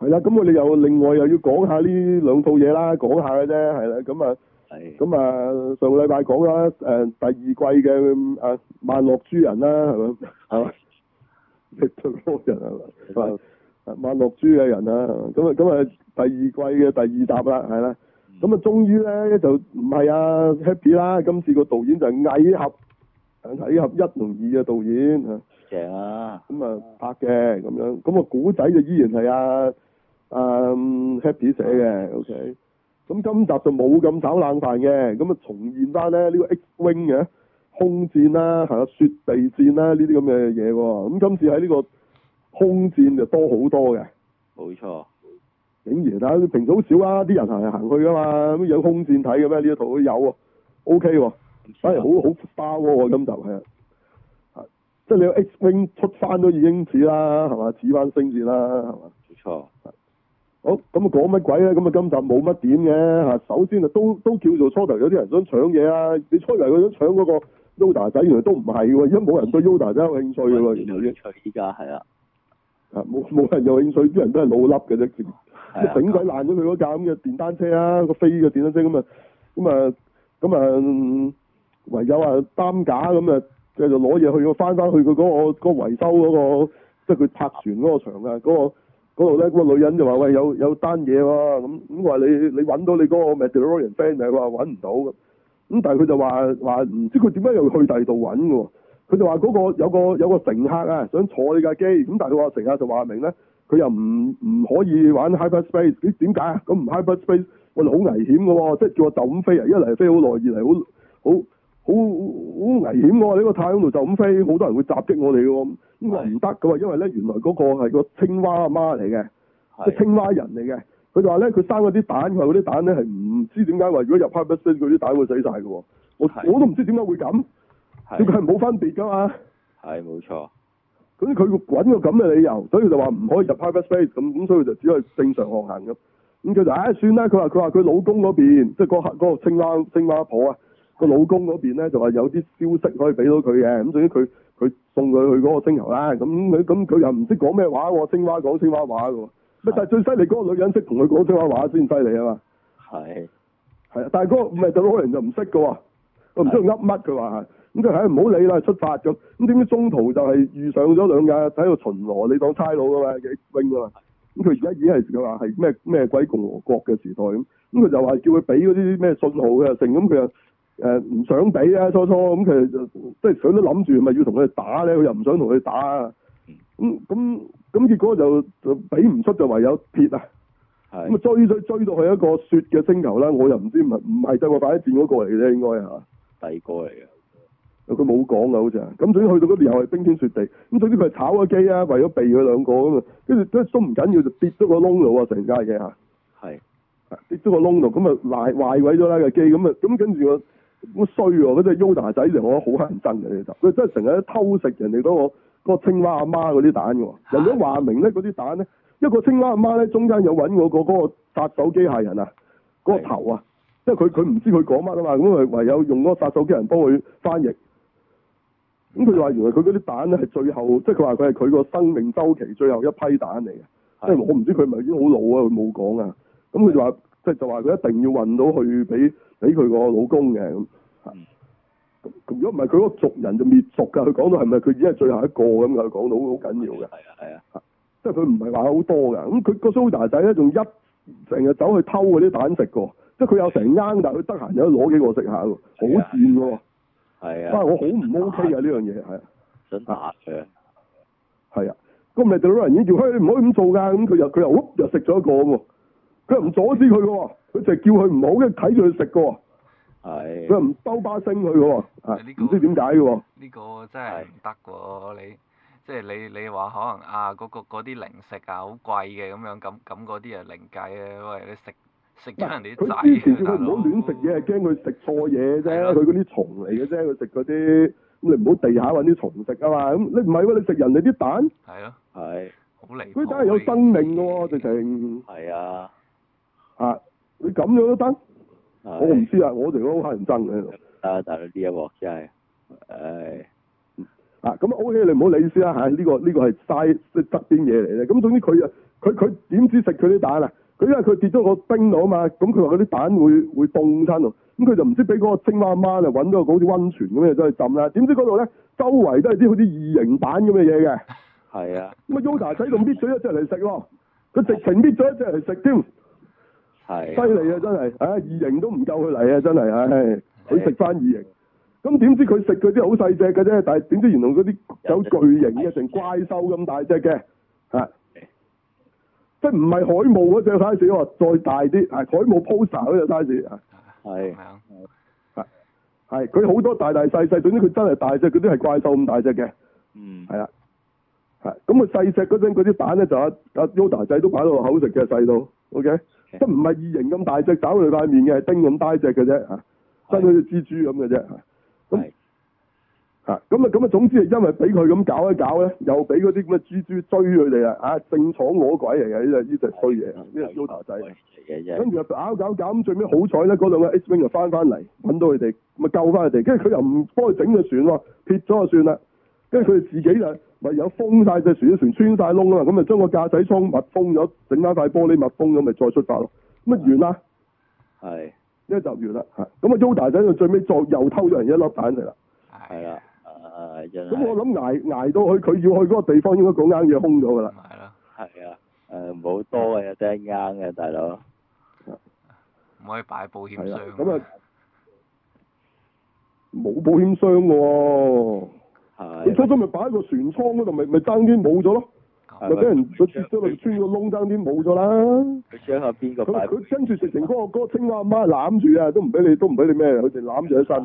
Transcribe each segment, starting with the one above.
係啦，咁我哋又另外又要講下呢兩套嘢啦，講下嘅啫，係啦，咁、嗯、啊，係的，咁啊上個禮拜講啦，誒、呃、第二季嘅啊曼達洛人啦，係咪？係嘛，極端多人係嘛？係曼達洛嘅人啊，咁啊咁啊第二季嘅第二集啦，係啦，咁、嗯、啊、嗯嗯、終於咧就唔係啊 Happy 啦，今次個導演就蟻俠，蟻俠一同二嘅導演，正啊，咁啊、嗯、拍嘅咁樣，咁啊古仔就依然係啊。誒、um，happy 寫嘅，OK，咁今集就冇咁炒冷飯嘅，咁啊重現翻咧呢、這個 X-wing 嘅空戰啦，啊，係啊，雪地戰啦呢啲咁嘅嘢。咁、啊、今次喺呢個空戰就多好多嘅，冇錯，竟然啊平時好少啦，啊，啲人行嚟行去噶嘛，乜樣空戰睇嘅咩？呢一套都有啊，OK，啊反而好好 Star 喎，今集係啊，即係你 X-wing 出翻都已經似啦，係嘛，似翻星戰啦，係嘛，冇錯。好咁啊，講乜鬼咧？咁啊，今集冇乜點嘅嚇。首先啊，都都叫做初頭有啲人想搶嘢啊。你初嚟佢想搶嗰個 Yoda 仔，原來都唔係喎，因為冇人對 Yoda 仔有興趣嘅喎。冇興趣，依家係啊。啊對，冇冇人有興趣，啲對人都係老笠嘅啫。對整鬼爛咗佢嗰架咁嘅電單車啊，個飛嘅電單車咁啊，咁啊，咁啊、嗯，唯有啊，擔架咁啊，繼續攞嘢去咗翻返去佢嗰、嗰個嗰、嗰個、維修嗰、嗰個嗰個，即係佢拆船嗰個場啊，嗰、嗰個嗰個嗰個嗰度咧，呢那個女人就話：喂，有有單嘢喎，咁咁話你你揾到你嗰個咩？Mandalorian friend 又話揾唔到咁，咁但係佢就話話唔知佢點解又去第二度揾嘅，佢就話嗰個有個有個乘客啊，想坐你架機，咁但係個乘客就話明咧，佢又唔唔可以玩 hyperspace。點點解啊？咁唔 hyperspace，我哋好危險嘅喎，即係叫我就咁飛啊！一嚟飛好耐，二嚟好好好好危險喎！呢個太空度就咁飛，好多人會襲擊我哋喎、啊。咁話唔得嘅喎，因為咧原來嗰個係個青蛙阿媽嚟嘅，即係青蛙人嚟嘅。佢就話咧，佢生嗰啲蛋，佢話嗰啲蛋咧係唔知點解話，如果入 hyperspace，佢啲蛋會死晒嘅喎。我是的 我都唔知點解會咁，佢係冇分別㗎嘛。係冇錯。咁佢要滾個咁嘅理由，所以就話唔可以入 hyperspace。咁咁所以就只係正常航行咁。咁佢就唉算啦。佢話佢話佢老公嗰邊，即係個青蛙青蛙婆啊，個是的 老公嗰邊咧就話有啲消息可以俾到佢嘅。咁總之佢。佢送佢去嗰個星球啦，咁佢咁佢又唔識講咩話喎，青蛙講青蛙話嘅喎，咪係是的 最犀利嗰個女人識同佢講青蛙話先犀利啊嘛，係，係啊，但係嗰個唔係就曼達洛人就唔識嘅喎，佢唔識去噏乜，佢話嚇，咁佢唉唔好理啦，出發咁，咁點知中途就係遇上咗兩架喺度巡邏，你當差佬嘅嘛，幾型嘅嘛，咁佢而家已經係佢話係咩咩鬼共和國嘅時代咁，咁佢就話叫佢俾嗰啲咩信號嘅，成咁佢又。誒，唔想俾啊初初，咁其實就即係想都諗住，咪要同佢哋打咧，佢又唔想同佢打，咁咁咁結果就就俾唔出，就唯有撇啊，咁啊的追追追到去一個雪嘅星球啦，我又唔知唔係唔係真係打啲戰嗰個嚟嘅咧，應該係第二個嚟嘅，佢冇講噶好似，咁總之去到嗰邊又係冰天雪地，咁總之佢炒個機啊，為咗避佢兩個啊嘛，跟住都都唔緊要，就跌咗個窿度啊，成街嘅吓，係跌咗個窿度，咁啊爛壞鬼咗啦個機，咁啊咁跟住我。好衰啊！嗰啲 Yoda 仔嚟，我覺得好乞人憎嘅呢集。佢真係成日偷食人哋嗰個青蛙阿媽嗰啲蛋嘅喎。人哋都話明咧，嗰啲蛋咧，一個青蛙阿媽咧，中間有揾我個嗰個殺手機械人啊，嗰、嗰個頭啊，即係佢佢唔知佢講乜啊嘛，咁佢唯有用嗰個殺手機人幫佢翻譯。咁佢就話原來佢嗰啲蛋咧係最後，即係佢話佢係佢個生命周期最後一批蛋嚟嘅，即係的我唔知佢咪已經好老啊，佢冇講啊。咁佢就話。即係就話佢一定要運到去俾俾佢個老公嘅，咁。如果唔係佢嗰個族人就滅族噶。佢講到係咪佢只係最後一個咁？佢講到好緊要嘅。係啊係啊。即係佢唔係話好多噶。咁佢個蘇打仔咧，仲一成日走去偷嗰啲蛋食個。即係佢有成罌，但佢得閒又攞幾個食下喎，好賤喎。係啊。但係我好唔 OK 啊呢樣嘢係啊。想打佢。係啊。咁你對老人妖叫，唔可以咁做噶。咁佢又佢又，又食咗一個喎。佢唔 阻止佢嘅喎，佢就係叫佢唔好，跟住睇住佢食嘅喎。佢又唔兜巴星佢嘅喎，係唔、這個啊、知點解嘅喎。呢個真係唔得喎！你即係你你話可能啊嗰啲零食啊好貴嘅咁樣咁咁嗰啲啊零計咧喂你食食人哋啲蛋。佢之前叫佢唔好亂食嘢，係驚佢食錯嘢啫。佢嗰啲蟲嚟嘅啫，佢食嗰啲咁你唔好地下揾啲蟲食啊嘛。咁呢唔係喎，你食人哋啲蛋。係咯。係。好離譜。佢真係有生命嘅喎，直情的。係啊。啊！你咁樣都得？我唔知啊，我哋都好乞人憎嘅。啊，大佬呢一幕真係，唉、啊 okay，啊咁 OK 你唔好理先啦嚇。呢、呢個呢、呢個係嘥側邊嘢嚟嘅。咁總之佢啊，佢佢點知食佢啲蛋啊？佢因為佢跌咗個冰落啊嘛，咁佢話佢啲蛋會會凍親喎，咁佢就唔知俾嗰個青蛙媽媽啊揾到個好似溫泉咁嘅嘢都去浸啦。點知嗰度咧，周圍都係啲好似異形蛋咁嘅嘢嘅。係 啊。咁啊，Yoda 仔仲啲水一隻嚟食喎，佢直情搣咗一隻嚟食添。啊係，犀利、哎、啊！真係 Okay.，唉，異形都唔夠佢嚟啊！真係，唉，佢食翻異形。咁點知佢食嗰啲好細隻嘅啫？但係點知原來嗰啲有巨型嘅，成怪獸咁大隻嘅，吓，即係唔係海霧嗰隻 size，再大啲，係海霧 poster 嗰隻 size 啊。係，係，係，係，佢好多大大細細，總之佢真係大隻，嗰啲係怪獸咁大隻嘅，嗯、mm.，係、啊、啦，係，咁佢細隻嗰陣嗰啲蛋咧，就阿、啊、阿、啊、Yoda 仔都擺到個口食嘅細到，OK。即唔係異形咁大隻，搞佢塊面嘅，叮咁大隻嘅啫吓，真好似蜘蛛咁嘅啫，咁吓咁啊咁啊，那的總之係因為俾佢咁搞一搞咧，又俾嗰啲咁嘅蜘蛛追佢哋啦，啊正闖我鬼嚟嘅，呢隻呢隻衰嘢，呢個豬頭仔，跟住又搞搞搞，最尾好彩咧，嗰兩個 X Wing 就又翻翻嚟，搵到佢哋，咪救翻佢哋，跟住佢又唔幫佢整個船喎，撇咗就算啦，跟住佢哋自己就。咪有封晒隻船，隻船穿晒窿啦，咁咪將個駕駛艙密封咗，整返塊玻璃密封咗咪再出發咯。乜完啦，係的一集完啦，係咁啊 Yoda 仔就最尾再又偷咗人一粒蛋嚟啦，係啦，咁、啊、我諗捱捱到去佢要去嗰個地方應該講啱嘢空咗㗎啦，係啦，係、呃、啊，誒唔好多嘅，聽啱嘅大佬，唔的可以擺保險箱咁啊，冇保險箱喎。嗯嗯你初初咪擺喺個船艙嗰度，咪咪爭啲冇咗咯，咪俾人佢跌咗落嚟穿個窿，爭啲冇咗啦。佢將下邊個佢跟住直情哥哥，聽阿媽攬住啊，都唔俾你，都唔俾你咩，佢哋攬住一身。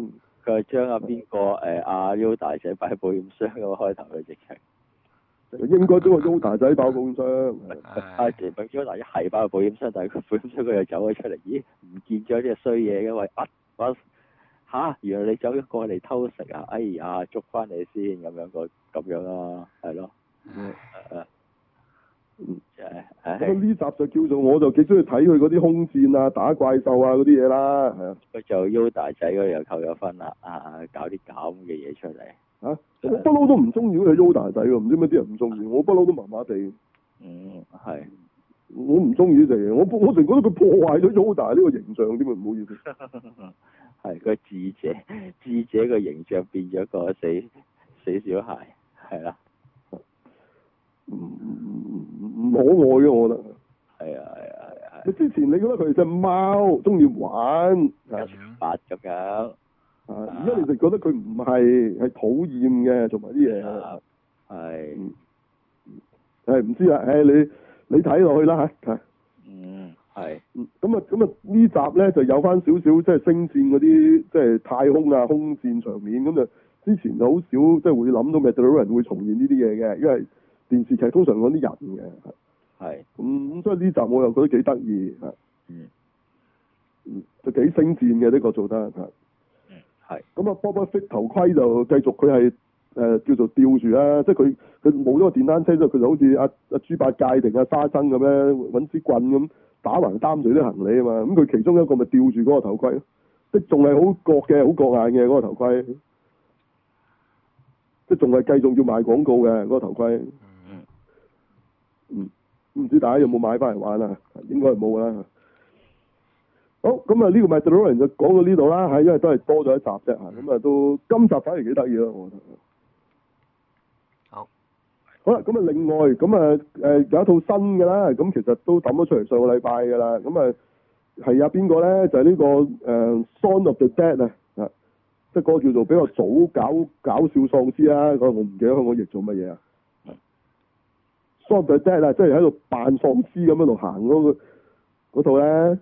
佢係將阿邊個誒阿腰大仔擺保險箱嘅、啊、開頭嘅直情。應該都係腰大仔爆工傷，阿陳品超大仔係擺個保險箱，但係個保險箱佢又走咗出嚟，咦？唔見咗啲衰嘢，因為一、啊啊啊啊啊！原來你走咗過嚟偷食啊！哎呀，捉翻你先咁樣個咁樣啦、啊，係咯。誒誒、 啊，嗯誒。咁呢、啊、集就叫做，我就幾中意睇佢嗰啲空戰啊、打怪獸啊嗰啲嘢啦。佢就 Yoda 仔又扣咗分啦、啊，啊搞啲搞嘅嘢出嚟。嚇！我不嬲都唔中意佢 Yoda 仔喎，唔知乜啲人唔中意，我不嬲都麻麻地。嗯，係。我唔中意啲嘢，我我成覺得佢破壞咗 Yoda 呢個形象，點啊，唔好意思。 係、 那個智者，智者個形象變咗個死死小孩，係啦，唔唔可愛嘅我覺得，係啊係啊係。你、啊啊啊啊、之前你覺得佢係隻貓，中意玩，八咁、嗯、狗、啊？而家你就覺得佢唔係，係討厭嘅，同埋啲嘢，係，係唔知啊，唉、啊嗯嗯嗯嗯哎，你你睇落去啦吓。啊係，是嗯，咁啊，咁啊，集呢集咧就有翻少少即係星戰嗰啲，即、就、係、是、太空啊，空戰場面，咁、嗯、就之前就好少即係會諗到《嘅，Matrix》會重現呢啲嘢嘅，因為電視劇通常講啲人嘅，係是，咁咁所以呢集我又覺得幾得意，係，嗯，就幾、嗯嗯、星戰嘅呢個做得，係、嗯，係、嗯，咁啊，Boba Fett 頭盔就繼續，佢係誒叫做吊住啦、啊，即係佢佢冇咗個電單車之後，佢就好似阿阿豬八戒定阿、啊、沙僧咁樣搵支棍咁。打橫擔住啲行李啊嘛，咁、嗯、佢其中一個咪吊住嗰個頭盔咯，即仲係好覺嘅，好覺眼嘅嗰個頭盔，即仲係繼續要賣廣告嘅嗰、那個頭盔。嗯嗯。唔知大家有冇買翻嚟玩啊？應該冇啦。好，咁啊呢個咪曼達洛人就講到呢度啦，嚇，因為都係多咗一集啫嚇，咁、嗯、啊都今集反而幾得意咯，我覺得。好啦，咁啊另外，咁啊誒有一套新嘅啦，咁其實都抌咗出嚟上個禮拜嘅啦，咁啊係啊邊個咧？就係呢個誒《Shaun of the Dead》啊，啊，即係嗰個叫做比較早搞搞笑喪屍啦，啊，我唔記得香港譯做乜嘢啊，mm-hmm.《Shaun of the Dead》啦，即係喺度扮喪屍咁樣度行嗰套咧，《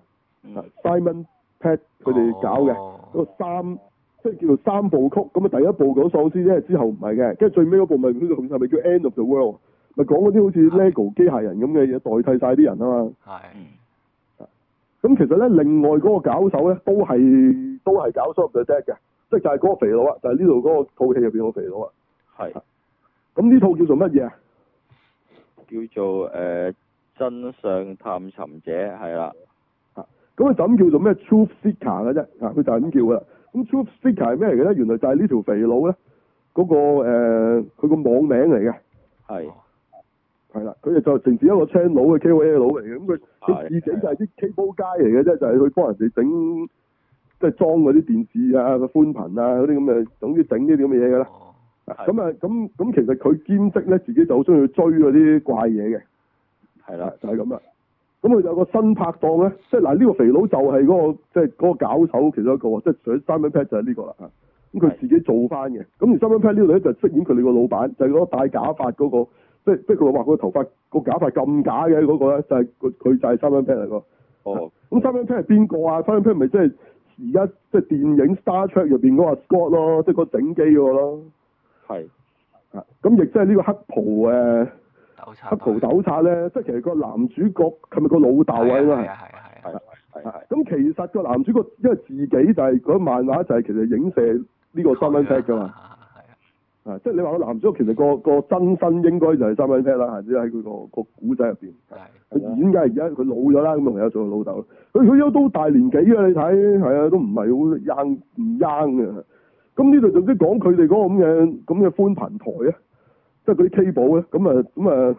Simon Pegg》佢哋搞嘅嗰三。啊即係叫做三部曲咁啊！第一部講喪屍，即係之後唔係嘅，跟住最尾嗰部咪呢度係咪叫《End of the World》？咪講嗰啲好似 LEGO 機械人咁嘅嘢代替晒啲人啊嘛。係的。咁其實咧，另外嗰個搞手咧都係都係搞手《Super Detective》嘅，即係就係、是、嗰個肥佬啊！就係呢度嗰個套戲入邊嗰個肥佬啊。係的。咁呢、嗯、套叫做乜嘢啊？叫做誒、呃、真相探尋者係啦。嚇！咁啊、嗯，嗯嗯嗯、就咁叫做咩《Truth Seeker》嘅 se 啫。啊、嗯，佢、嗯、就係咁叫噶啦。咁 Truth Seeker 係咩嚟嘅咧？原來就係呢條肥佬咧、嗰個，嗰個佢個網名嚟嘅。係的。係啦，佢就淨係一個 channel 嘅 KOL 佬嚟嘅，咁佢佢自己就係啲 cable guy 嚟嘅啫，的就係去幫人哋整，即、就、係、是、裝嗰啲電視啊、個寬頻啊嗰啲咁嘅，總之整啲咁嘅嘢嘅啦。咁的啊，咁咁其實佢兼職咧，自己就好中意去追嗰啲怪嘢嘅。係啦的，就係咁啊。咁佢就有個新拍檔咧，即係嗱，呢個肥佬就係嗰個即係嗰個搞手其中一個啊，即係除咗 Simon Pegg 就係呢個啦嚇。咁佢自己做翻嘅，咁而 Simon Pegg 呢度咧就飾演佢哋個老闆，就係嗰個戴假髮嗰個，即係即係佢話個頭髮個假髮咁假嘅嗰個咧，就係佢佢就係 Simon Pegg 嚟個。哦。咁 Simon Pegg 係邊個啊？Simon Pegg 咪即係而家即係電影 Star Trek 入邊嗰個 Scott 咯，即係個整機嗰個咯。係。啊！咁亦即係呢個黑袍誒。黑袍斗叉咧，即係其實個男主角係咪個老豆位？啊係，係啊，係。咁其實個男主角因為自己就係嗰漫畫就係其實影射呢個三文鴨噶嘛。係啊，係啊。啊，即係你話個男主角其實個個真身應該就係三文鴨啦，只喺佢個個古仔入邊。係。佢演緊而家佢老咗啦，咁啊，做個老豆。佢佢都都大年紀啊！你睇係啊，都唔係好 young，唔 young 嘅。咁呢度總之講佢哋嗰個咁嘅咁嘅寬頻台啊！即係嗰啲 K 寶咧，咁啊，咁啊，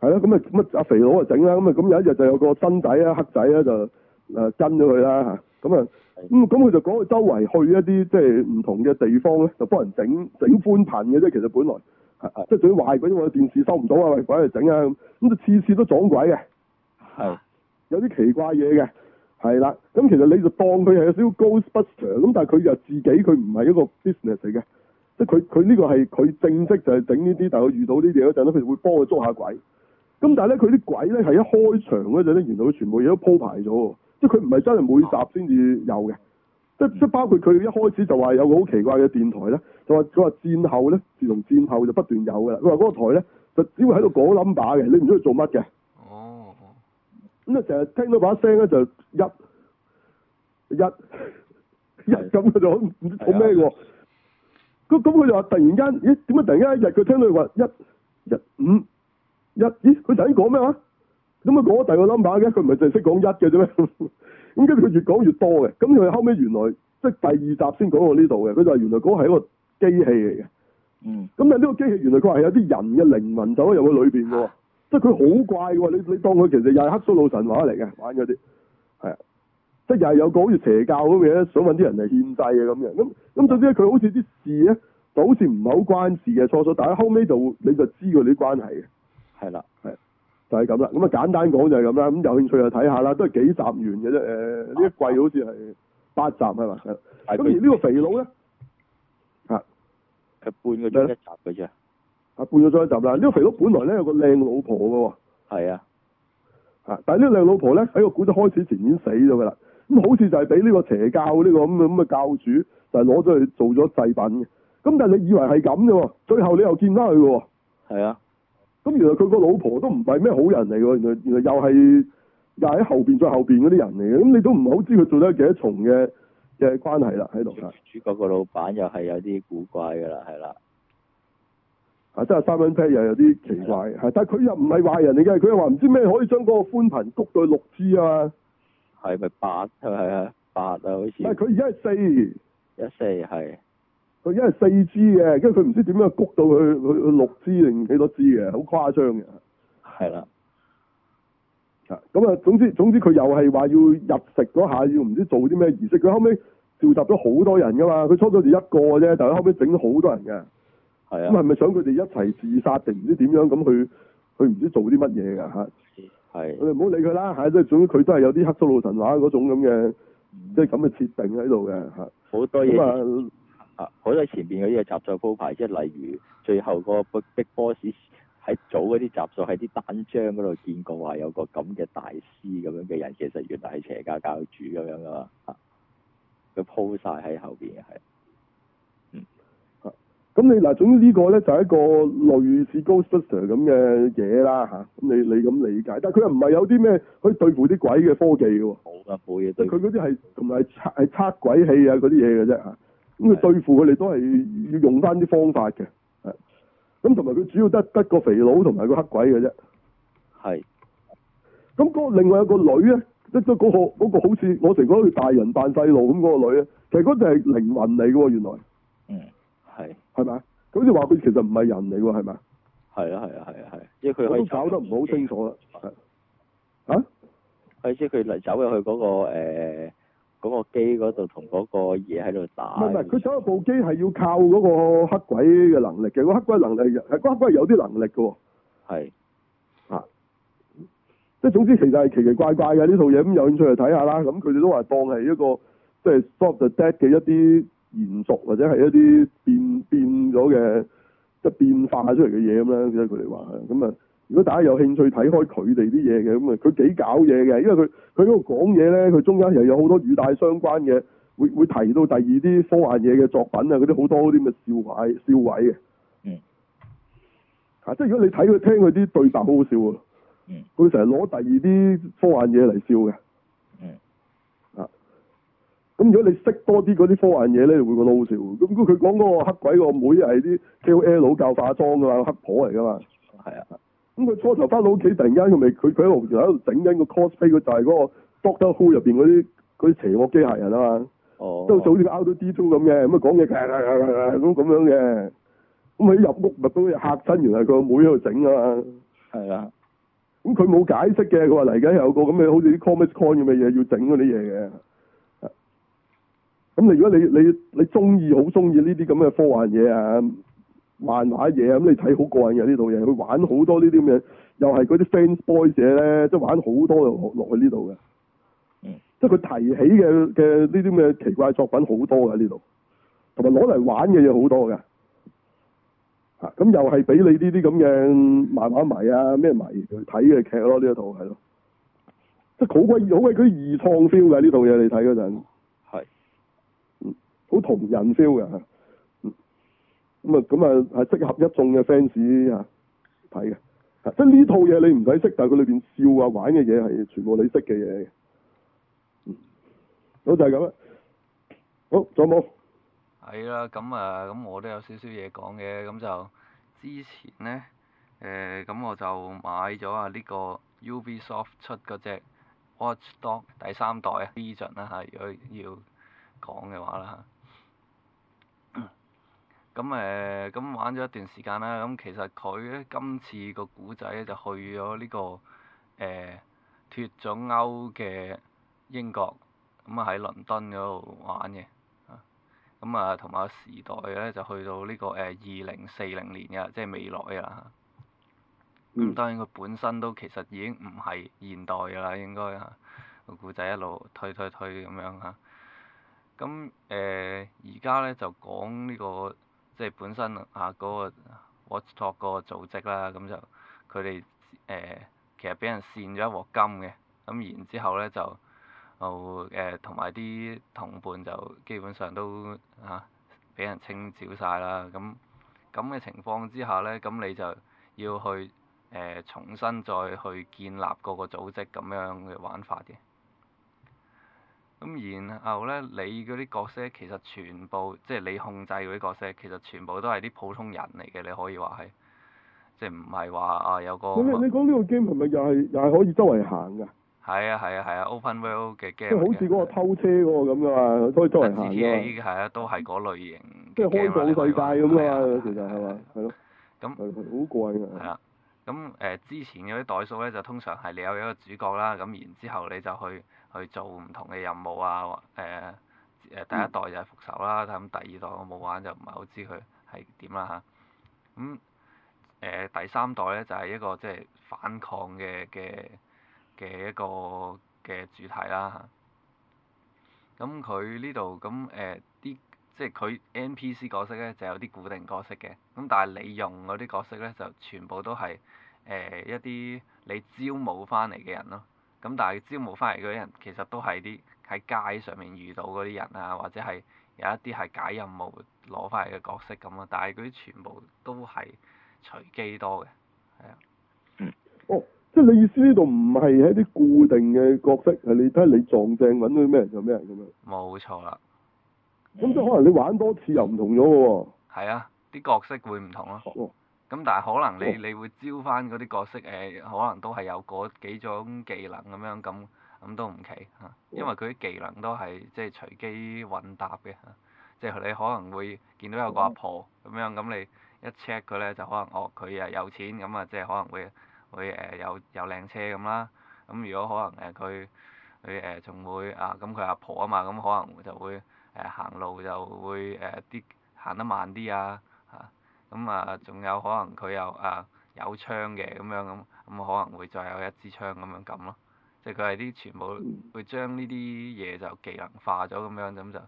係咯，咁啊，乜阿肥佬啊整啦，咁啊，咁有一日就有個新仔啊、黑仔啊，就誒跟咗佢啦嚇，咁啊，咁咁佢就講去周圍去一啲即係唔同嘅地方咧，就幫人整整寬頻嘅啫。其實本來係係即係最壞嗰種，我電視收唔到啊，咪鬼嚟整啊咁，咁就次次都撞鬼嘅。係有啲奇怪嘢嘅，係啦。咁、嗯、其實你就當佢係少 ghostbuster，咁但係佢又自己佢唔係一個 business 嚟嘅。即係佢佢呢個係佢正式就係整呢啲，但係我遇到呢啲嘢嗰陣咧，佢哋會幫佢捉下鬼。咁但係咧，佢啲鬼咧係一開場嗰陣咧，原來佢全部嘢都鋪排咗。即係佢唔係真係每集先至有嘅。即、即係包括佢一開始就話有個好奇怪嘅電台咧，就話佢話戰後咧，自從戰後就不斷有㗎啦。佢話嗰個台咧就只會喺度講 number 嘅，你唔知佢做乜嘅。哦。咁啊，成日聽到把聲咧就一，一，一咁嘅就唔知做咩喎。的咁佢就話突然間，咦？點解突然間一日佢聽到話一、日五、一？咦？佢頭先講咩話？咁啊講第二個 number 嘅，佢唔係淨係識講一嘅啫咩？咁跟住佢越講越多嘅，咁佢後尾原來即係第二集先講到呢度嘅，佢就話原來嗰個係一個機器嚟嘅。嗯。咁但呢個機器原來佢係有啲人嘅靈魂走咗入去裏邊嘅，啊、即係佢好怪嘅。你你當佢其實又係克蘇魯神話嚟嘅，玩嗰啲係。即係又係有個好似邪教咁嘅，想揾啲人嚟獻祭嘅咁樣。咁咁總之佢好似啲事咧，就好似唔係好關事嘅初初。但係後尾，就你就知佢啲關係嘅。係啦的，係就係咁啦。咁啊簡單講就係咁啦。咁有興趣就睇下啦。都係幾集完嘅啫。誒、呃、呢、啊、一季好似係八集係嘛？係。咁的而呢個肥佬咧，啊，係半個鐘一集嘅啫。啊，半個鐘一集啦。呢個肥佬本來咧有個靚老婆嘅喎。係啊的。但係呢個靚老婆咧喺個古仔開始前已經死咗嘅啦。咁好似就係俾呢個邪教呢個咁嘅咁嘅教主就係攞咗去做咗祭品嘅。咁但係你以為係咁嘅喎，最後你又見翻佢嘅喎。係啊。咁原來佢個老婆都唔係咩好人嚟喎，原來原來又係又喺後邊再後邊嗰啲人嚟嘅。咁你都唔好知佢做咗幾多重嘅嘅關係啦喺度。主角個老闆又係有啲古怪嘅啦，係啦。啊，真係、啊、三蚊啤又有啲奇怪，係、啊，但係佢又唔係壞人嚟嘅，佢又話唔知咩可以將嗰個寬頻谷到六枝啊。係咪八？係咪啊？八啊是，好似。但係佢而家係四，一四係。佢而家係四支嘅，跟住佢唔知點樣谷到佢去六支定幾多支嘅，好誇張嘅。係啦。咁啊，總之總之，佢又係話要日食嗰下，要唔知做啲咩儀式。佢後尾召集咗好多人噶嘛，佢初初就一個啫，但係後尾整咗好多人嘅。係啊的。咁係咪想佢哋一齊自殺定唔知點樣咁去？去唔知做啲乜嘢噶吓？ 係，是我哋唔好理佢啦，係即係，總之佢都係有啲黑蘇魯神話嗰種咁嘅，即係咁嘅設定喺度嘅，係好多嘢，啊，好多前邊嗰啲嘢集數鋪排，即係例如最後個 big boss 喺早嗰啲集數喺啲單章嗰度見過話有個咁嘅大師咁樣嘅人，其實原來係邪教教主咁樣噶嘛，啊，佢鋪晒喺後邊係。咁你嗱，總之個呢個咧就係、是、一個類似 Ghostbuster 咁嘅嘢啦嚇，咁、啊、你你咁理解，但係佢又唔係有啲咩可以對付啲鬼嘅科技嘅喎、啊。冇嘢即係佢嗰啲係同埋測係測鬼器啊嗰啲嘢嘅啫嚇。咁佢的對付佢哋都係要用翻啲方法嘅。咁同埋佢主要得得個肥佬同埋個黑鬼嘅啫。係的。咁嗰另外有個女咧，即係嗰個好似我成講佢大人扮細路咁嗰個女咧，其實嗰隻係靈魂嚟嘅喎，原來。嗯。係咪？咁你話佢其實唔係人嚟喎，係咪？係啊係啊係啊係、啊，即係佢搞得唔好清楚啦。係。啊？係即係佢嚟走入去嗰、那個誒，嗰、呃那個機度同嗰個嘢喺度打。唔係佢走入部機係要靠嗰個黑鬼嘅能力嘅，個黑鬼能力，個黑鬼有啲能力嘅。係。吓。即係總之，其實係奇奇怪怪嘅呢套嘢，咁、嗯、有興趣嚟睇下啦。咁佢哋都話當係一個即係 Shaun of the Dead 嘅一啲。延續或者係一啲變變咗嘅，即係變化出嚟嘅嘢咁咧，即係佢哋話，咁啊，如果大家有興趣睇開佢哋啲嘢嘅，咁啊，佢幾搞嘢嘅，因為佢佢嗰度講嘢咧，佢中間又有好多語帶相關嘅，會會提到第二啲科幻嘢嘅作品啊，嗰啲好多啲咁嘅笑話笑位嘅，嗯，mm. 啊，即係如果你睇佢聽佢啲對白，好好笑啊，嗯，佢成日攞第二啲科幻嘢嚟笑嘅。咁如果你識多啲嗰啲科幻嘢咧，會覺得好笑。咁佢佢講嗰個黑鬼個妹係啲 KOL 教化妝噶嘛，黑婆嚟噶嘛。係啊。咁佢初頭翻到屋企，突然間佢咪佢佢喺度喺度整緊個 cosplay，佢就係嗰個 Doctor Who 入邊嗰啲啲邪惡機械人啊嘛。哦。都做啲嘔到蜘蛛咁嘅，咁講嘢咁咁樣嘅。咁佢入屋咪都嚇親，原來佢個妹喺度整啊嘛。係啊。咁佢冇解釋嘅，佢話嚟緊有個咁嘅好似啲 Comic Con 咁嘅嘢要整嗰啲嘢嘅。咁你如果你你你中意好中意呢啲咁嘅科幻嘢啊、漫畫嘢啊，咁你睇好過癮嘅呢套嘢，佢玩好多呢啲咁嘅，又係嗰啲 fans boy 者咧，即係玩好多落落去呢度嘅。即係佢提起嘅嘅呢啲咁嘅奇怪作品好多嘅呢度，同埋攞嚟玩嘅嘢好多嘅。嚇！咁又係俾你呢啲咁嘅漫畫迷啊咩迷去睇嘅劇咯，呢一套係咯，即係好鬼好鬼佢二創 feel 嘅呢套嘢你睇嗰陣。好同人 feel 㗎。嗯，咁啊咁啊係適合一眾嘅 fans 嚇睇嘅。即係呢套嘢你唔使識，但係佢裏邊笑啊玩嘅嘢係全部你識嘅嘢嘅，好就係咁啦，好仲有冇？係啦，咁啊咁我都有少少嘢講嘅，咁就之前咧，誒、呃、咁我就買咗啊呢個 Ubisoft 出嗰隻 Watch Dogs 第三代啊 Vision 啦嚇，如果要講嘅話啦嚇。咁誒，咁、嗯嗯、玩咗一段時間啦。咁、嗯、其實佢咧今次個古仔咧就去咗呢個誒脫咗歐嘅英國，咁啊喺倫敦嗰度玩嘅。咁啊，同埋時代咧就去到呢個誒二零四零年㗎，即係未來啊。咁當然佢本身都其實已經唔係現代㗎啦，應該啊個古仔一路推推推咁樣嚇。咁、啊、誒，而家咧就講呢個。即係本身啊，嗰、那個沃託個組織啦，咁就佢哋誒，其實俾人跣咗一鑊金嘅，咁然之後咧就就誒同埋啲同伴就基本上都嚇俾、啊、人清剿晒啦，咁咁嘅情況之下咧，咁你就要去誒、呃、重新再去建立個個組織咁樣嘅玩法嘅。咁然後咧，你嗰啲角色其實全部即係你控制嗰啲角色，其實全部都係啲普通人嚟嘅，你可以話係。即係唔係話啊？有個。咁你講呢個 game 係咪又係又係可以周圍行噶？係啊係啊係啊，open world 嘅 game。好似嗰個偷車喎咁啊，可以周圍行。GTA，係啊，都係嗰類型。即係開創世界咁啊！其實係嘛？係 咯。咁好貴㗎。係啊。咁誒、嗯，之前嗰啲代數咧，就通常係你有一個主角啦，咁然之後你就去。去做唔同嘅任務啊！誒、呃、誒第一代就係復仇啦，咁第二代我冇玩就唔係好知佢係點啦吓，咁、嗯、誒、呃、第三代咧就係、係、一個即係、就係、反抗嘅嘅嘅一個嘅主題啦吓。咁佢呢度咁誒啲即係佢 N P C 角色咧就有啲固定角色嘅，咁但係你用嗰啲角色咧就全部都係誒、呃、一啲你招募翻嚟嘅人咯。咁、嗯、但係招募翻嚟嗰啲人，其實都係啲喺街上面遇到嗰啲人啊，或者係有一啲係解任務攞翻嚟嘅角色咁啊。但係嗰啲全部都係隨機多嘅，係啊。嗯、哦，即係你意思呢度唔係喺啲固定嘅角色，係你睇下你撞正揾到咩人就咩人咁樣。冇錯啦。咁即係可能你玩多次又唔同咗嘅喎。係、嗯、啊，啲角色會唔同啊。哦咁但係可能你你會招翻嗰啲角色誒、呃，可能都係有嗰幾種技能咁樣，咁咁都唔奇嚇、啊，因為佢啲技能都係即係隨機混搭嘅、啊，即係你可能會見到有個阿婆咁樣，咁你一 check 佢咧就可能哦佢啊有錢咁啊，即係可能會會誒有有靚車咁啦，咁、啊、如果可能誒佢佢誒仲會啊咁佢阿婆啊嘛，咁可能會就會誒、呃、行路就會誒啲、呃、行得慢啲啊。咁啊，仲有可能佢又啊有槍嘅咁樣咁，咁可能會再有一支槍咁樣撳咯。即係佢係啲全部會將呢啲嘢就技能化咗咁樣，咁就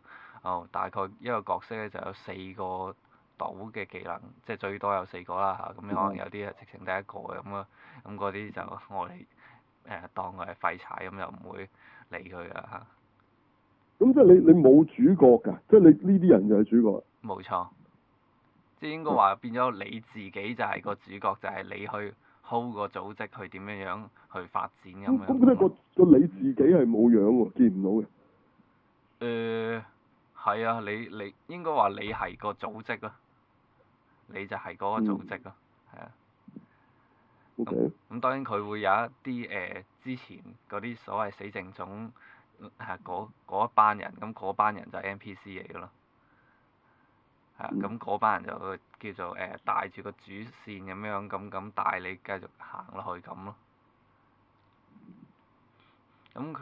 哦大概一個角色咧就有四個到嘅技能，即係最多有四個啦嚇。咁可能有啲啊直情得一個咁咯，咁嗰啲就我哋誒、啊、當佢係廢柴咁，又唔會理佢啊。咁即係你你冇主角㗎，即係你呢啲人就係主角。冇錯。即係應該話變咗你自己就係個主角，就係、是、你去 hold 個組織去點樣樣去發展咁樣。咁你係個、嗯、你自己係冇樣喎，見唔到嘅。誒、呃，係啊，你你應該話你係個組織啊，你就係嗰個組織咯，係、嗯、啊。咁咁 Okay.、嗯、當然佢會有一啲誒、呃、之前嗰啲所謂死剩種係嗰一班人，咁嗰班人就 NPC 嚟嘅咯。咁嗰班人就叫做誒，帶住個主線，咁樣咁咁帶你繼續行落去咁咯。咁佢，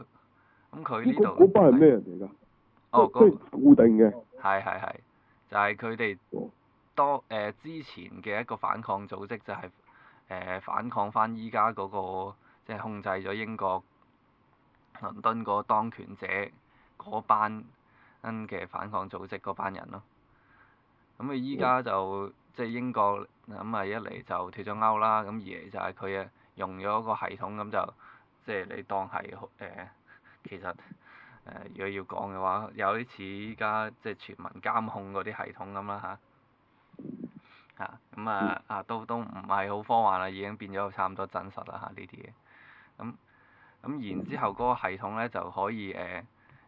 咁佢呢度班係咩人嚟㗎？哦，即係固定嘅。係係係。就係佢哋多誒之前嘅一個反抗組織，就係誒反抗翻依家嗰個即係控制咗英國倫敦嗰當權者嗰班嘅反抗組織嗰班人咯。咁佢依家就即係英國咁啊、嗯，一嚟就脫咗歐啦，咁二嚟就係佢啊用咗個系統咁、嗯、就即係你當係誒、呃，其實誒、呃、如果要講嘅話，有啲似依家即係全民監控嗰啲系統咁啦吓，吓咁啊啊，啊，啊都都唔係好科幻啦，已經變咗差唔多真實啦吓，呢啲嘢。咁咁、嗯嗯、然之後嗰個系統咧就可以誒誒、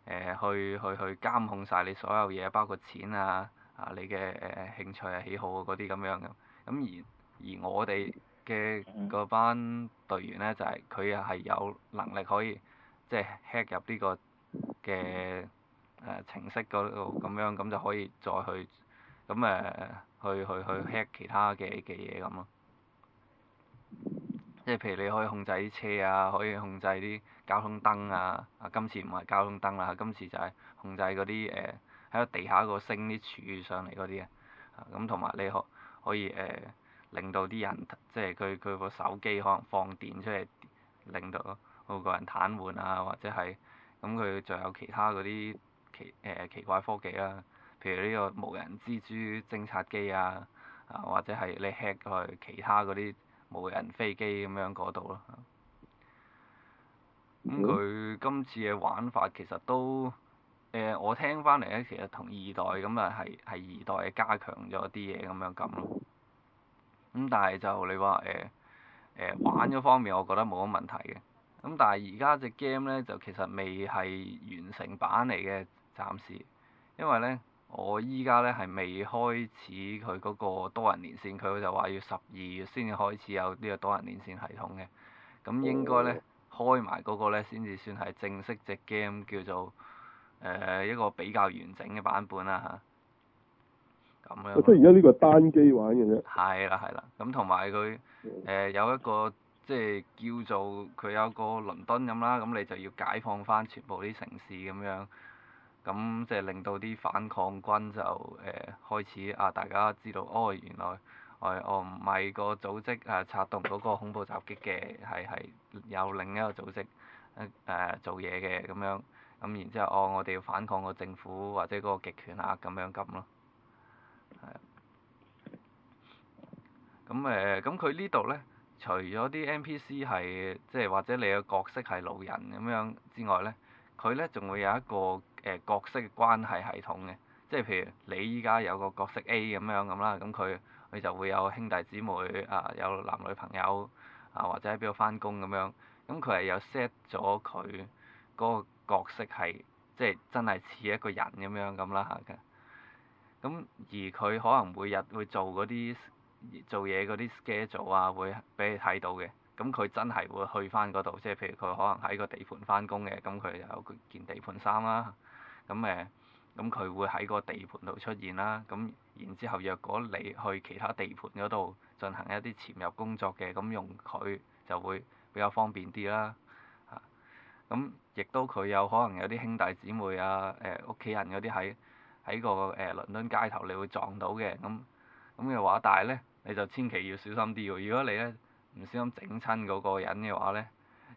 呃呃、去去去監控晒你所有嘢，包括錢啊。啊！你嘅誒、呃、興趣啊、喜好嗰啲咁樣嘅。咁、啊、而而我哋嘅嗰班隊員咧，就係佢又係有能力可以即係、就是、hack 入呢個嘅誒、呃、程式嗰度咁樣，咁就可以再去咁誒、呃、去去去、去、去 hack 其他嘅嘅嘢咁咯。即係譬如你可以控制啲車啊，可以控制啲交通燈啊。啊，今次唔係交通燈啦，今次就係控制嗰啲誒。呃喺個地下個升啲柱上嚟嗰啲啊，咁同埋你可可以誒、呃、令到啲人，即係佢佢個手機可能放電出嚟，令到個個人癱瘓啊，或者係咁佢仲有其他嗰啲奇誒、呃、奇怪科技啦、啊，譬如呢個無人蜘蛛偵察機啊，啊或者係你 hack 去其他嗰啲無人飛機咁樣嗰度咯。咁佢今次嘅玩法其實都～誒、呃、我聽翻嚟咧，其實同二代咁，啊係係二代加強咗啲嘢咁樣咁咯。咁但係就你話誒誒玩嗰方面，我覺得冇乜問題嘅。咁但係而家隻 game 咧就其實未係完成版嚟嘅，暫時。因為咧，我依家咧係未開始佢嗰個多人連線，佢就話要十二月先開始有呢個多人連線系統嘅。咁應該咧開埋嗰個咧，先至算係正式隻 game 叫做。誒、呃、一個比較完整嘅版本啦嚇，咁、啊、樣。即係而家呢個單機玩嘅啫。係啦係啦，咁同埋佢誒有一個即係、呃、叫做佢有一個倫敦咁啦，咁你就要解放翻全部啲城市咁樣。咁就令到啲反抗軍就誒、呃、開始啊！大家知道，哦，原來，哦，唔係個組織誒策、呃、動嗰個恐怖襲擊嘅係係有另一個組織誒、呃、做嘢嘅咁樣。咁然之後，哦，我哋要反抗個政府或者嗰個極權啊，咁樣咁咯。係咁誒，咁佢呢度咧，5，除咗啲 N.P.C 係，即係或者你個角色係老人咁樣之外咧，佢咧仲會有一個誒、呃、角色關係係，系統嘅，即係譬如你依家有個角色 A 咁樣咁啦，咁佢佢就會有兄弟姊妹啊，有男女朋友啊，或者喺邊度翻工咁樣，咁佢係有 set 咗佢嗰個。角色係即係真係似一個人咁樣咁啦嚇嘅，咁、嗯、而佢可能每日會做嗰啲做嘢嗰啲 schedule 啊，會俾你睇到嘅。咁、嗯、佢真係會去翻嗰度，即係譬如佢可能喺個地盤翻工嘅，咁、嗯、佢有件地盤衫啦。咁誒，咁佢會喺個地盤度、嗯嗯嗯、出現啦。咁、嗯、然之後，若果你去其他地盤嗰度進行一啲潛入工作嘅，咁、嗯、用佢就會比較方便啲啦。嚇、嗯，咁、嗯。亦都佢有可能有啲兄弟姊妹啊，誒屋企人嗰啲喺喺個誒、呃、倫敦街頭你會撞到嘅，咁咁嘅話，但係咧你就千祈要小心啲喎。如果你咧唔小心整親嗰個人嘅話咧，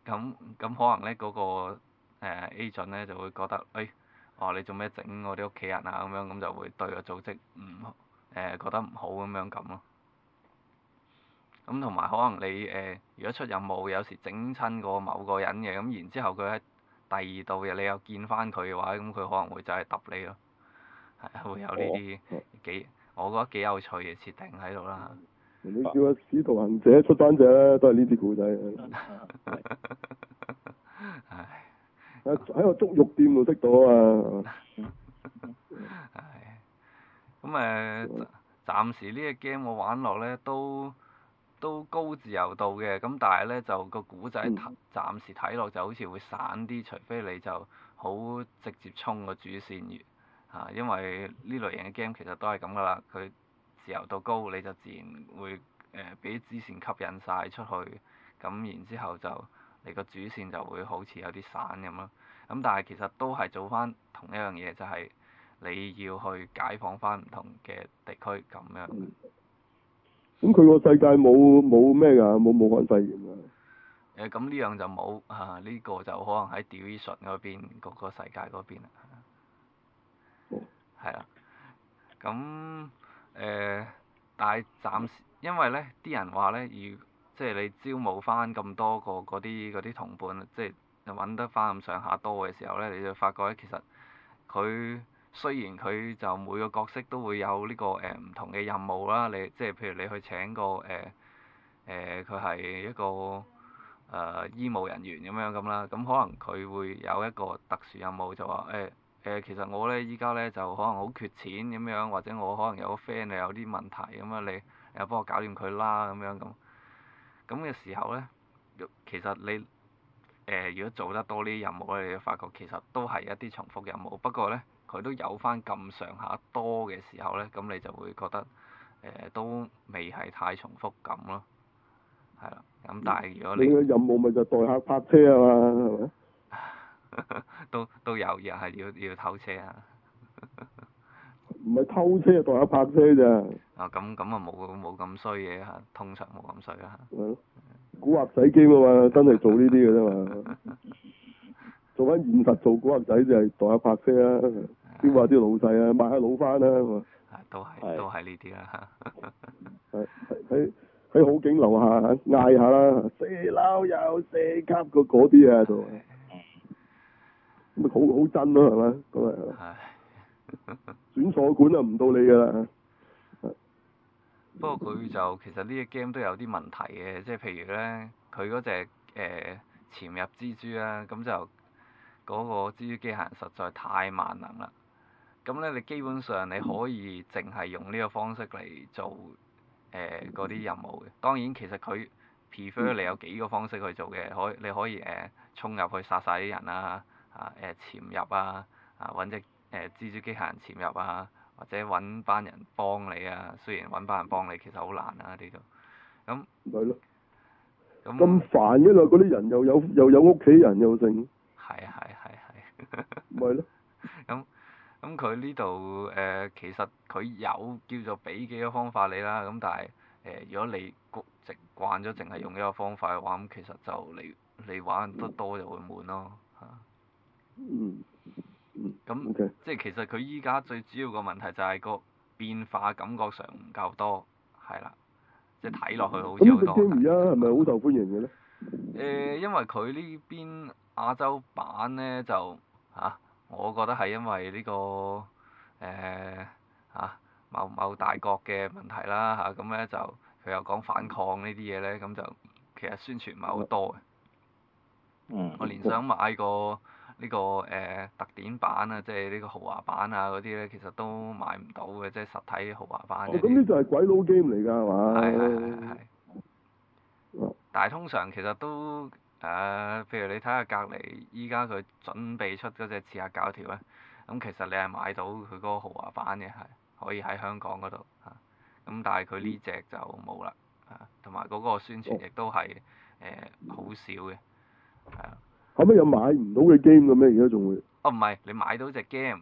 咁咁可能咧嗰、嗰個 agent 咧就會覺得，誒、哎，哦，你做咩整我啲屋企人啊？咁樣咁就會對個組織唔誒、呃、覺得唔好咁樣咁咯。咁同埋可能你誒、呃、如果出任務有時整親過某個人嘅，咁然之後佢喺。第二度嘅你又見翻佢嘅話，咁佢可能會就係揼你咯，係會有呢啲、哦、幾，我覺得幾有趣嘅設定喺度啦。你叫阿使徒行者出單啫，都係呢啲古仔。係、 哎。喺個足浴店度識到啊！係。咁誒，暫時呢個 game 我玩落咧都～都高自由度嘅，咁但係呢，就個古仔暫時睇落就好似會散啲，除非你就好直接衝個主線，嚇、啊，因為呢類型嘅 game 其實都係咁噶啦，佢自由度高，你就自然會誒俾啲支線吸引晒出去，咁然之後就你個主線就會好似有啲散咁咯，咁、啊、但係其實都係做翻同一樣嘢，就係、是、你要去解放翻唔同嘅地區咁樣。咁佢個世界冇冇咩㗎？冇冇新冠肺炎啊？誒咁呢樣就冇嚇，呢個就可能喺 Division 嗰邊嗰個世界嗰邊係啊。咁誒、嗯嗯，但係暫時，因為咧，啲人話咧，如即係你招募翻咁多個嗰啲嗰啲同伴，即係又揾得翻咁上下多嘅時候咧，你就發覺咧，其實佢。雖然佢就每個角色都會有呢、這個誒唔、呃、同嘅任務啦，你即係譬如你去請個誒誒佢係一個誒、呃呃呃、醫務人員咁樣咁啦，咁可能佢會有一個特殊任務，就話誒誒其實我咧依家咧就可能好缺錢咁樣，或者我可能有個 friend 你有啲問題咁啊，你誒幫我搞掂佢啦咁樣咁，咁嘅時候咧，其實你誒、呃、如果做得多呢啲任務咧，你就發覺其實都係一啲重複任務，不過咧。佢都有翻咁上下多嘅時候咧，咁你就會覺得誒、呃、都未係太重複咁咯，係啦。咁但係如果你個任務咪就代客泊車啊嘛，係咪 ？都都有又係要要偷車啊？唔 係偷車，代客泊車咋？ 啊咁咁啊冇冇咁衰嘅。啊，通常冇咁衰啊！誒，古惑仔機啊嘛，真係做呢啲嘅啫嘛，做緊 現實做古惑仔就係代客泊車啊！都話啲老細啊，買下老翻啦、啊，咁啊，都係都係呢啲啦。喺喺喺好景樓下嗌、啊、下啦、啊，四樓有四級個嗰啲啊，都咁咪好好真咯，係咪？轉彩管啊，唔、啊、 到你噶啦。 不過佢就其實呢啲 game 都有啲問題嘅，即係譬如咧，佢嗰隻誒、呃、潛入蜘蛛啦、啊，咁就嗰個蜘蛛機械人實在太萬能啦。咁咧，你基本上你可以淨係用呢個方式嚟做誒嗰啲任務嘅。當然，其實佢 prefer 你有幾個方式去做嘅，可你可以誒衝入去殺晒啲人啊！啊、呃、誒，潛入啊！啊，揾隻誒蜘蛛機械人潛入啊，或者揾班人幫你啊。雖然揾班人幫你其實好難啊，呢度咁。係、嗯、咯。咁咁了那煩嘅啦，嗰啲人又有又有屋企人又剩。係啊！係啊！係啊！咪咯。咁。 的咁佢呢度誒，其實佢有叫做俾幾個方法你啦，咁但係誒、呃，如果你局直慣咗，淨係用呢個方法嘅話，咁其實就你你玩得多就會悶咯，嚇、嗯。嗯。咁即係其實佢依家最主要個問題就係個變化感覺上唔夠多，係啦。即係睇落去好似好多。而家係咪好受歡迎嘅咧？誒、嗯嗯嗯，因為佢呢邊亞洲版咧就嚇。啊我覺得係因為呢、這個誒嚇、呃啊、某某大國嘅問題啦嚇，咁、啊、咧就佢又講反抗呢啲嘢咧，咁就其實宣傳唔係好多嘅。嗯。我連想買、這個呢個誒特典版啊，即係呢個豪華版啊嗰啲咧，其實都買唔到嘅，即係實體豪華版。哦。咁呢就係鬼佬 game 嚟㗎係嘛？係係係。但係通常其實都。誒、啊，譬如你睇下隔離，依家佢準備出嗰隻刺客教條咧，咁其實你係買到佢嗰個豪華版嘅，係可以喺香港嗰度嚇。咁、啊、但係佢呢隻就冇啦，嚇、啊，同埋嗰個宣傳亦都係誒好少嘅。係啊。後尾又買唔到嘅 game 嘅咩而家仲會？哦、啊，唔係，你買到隻 game，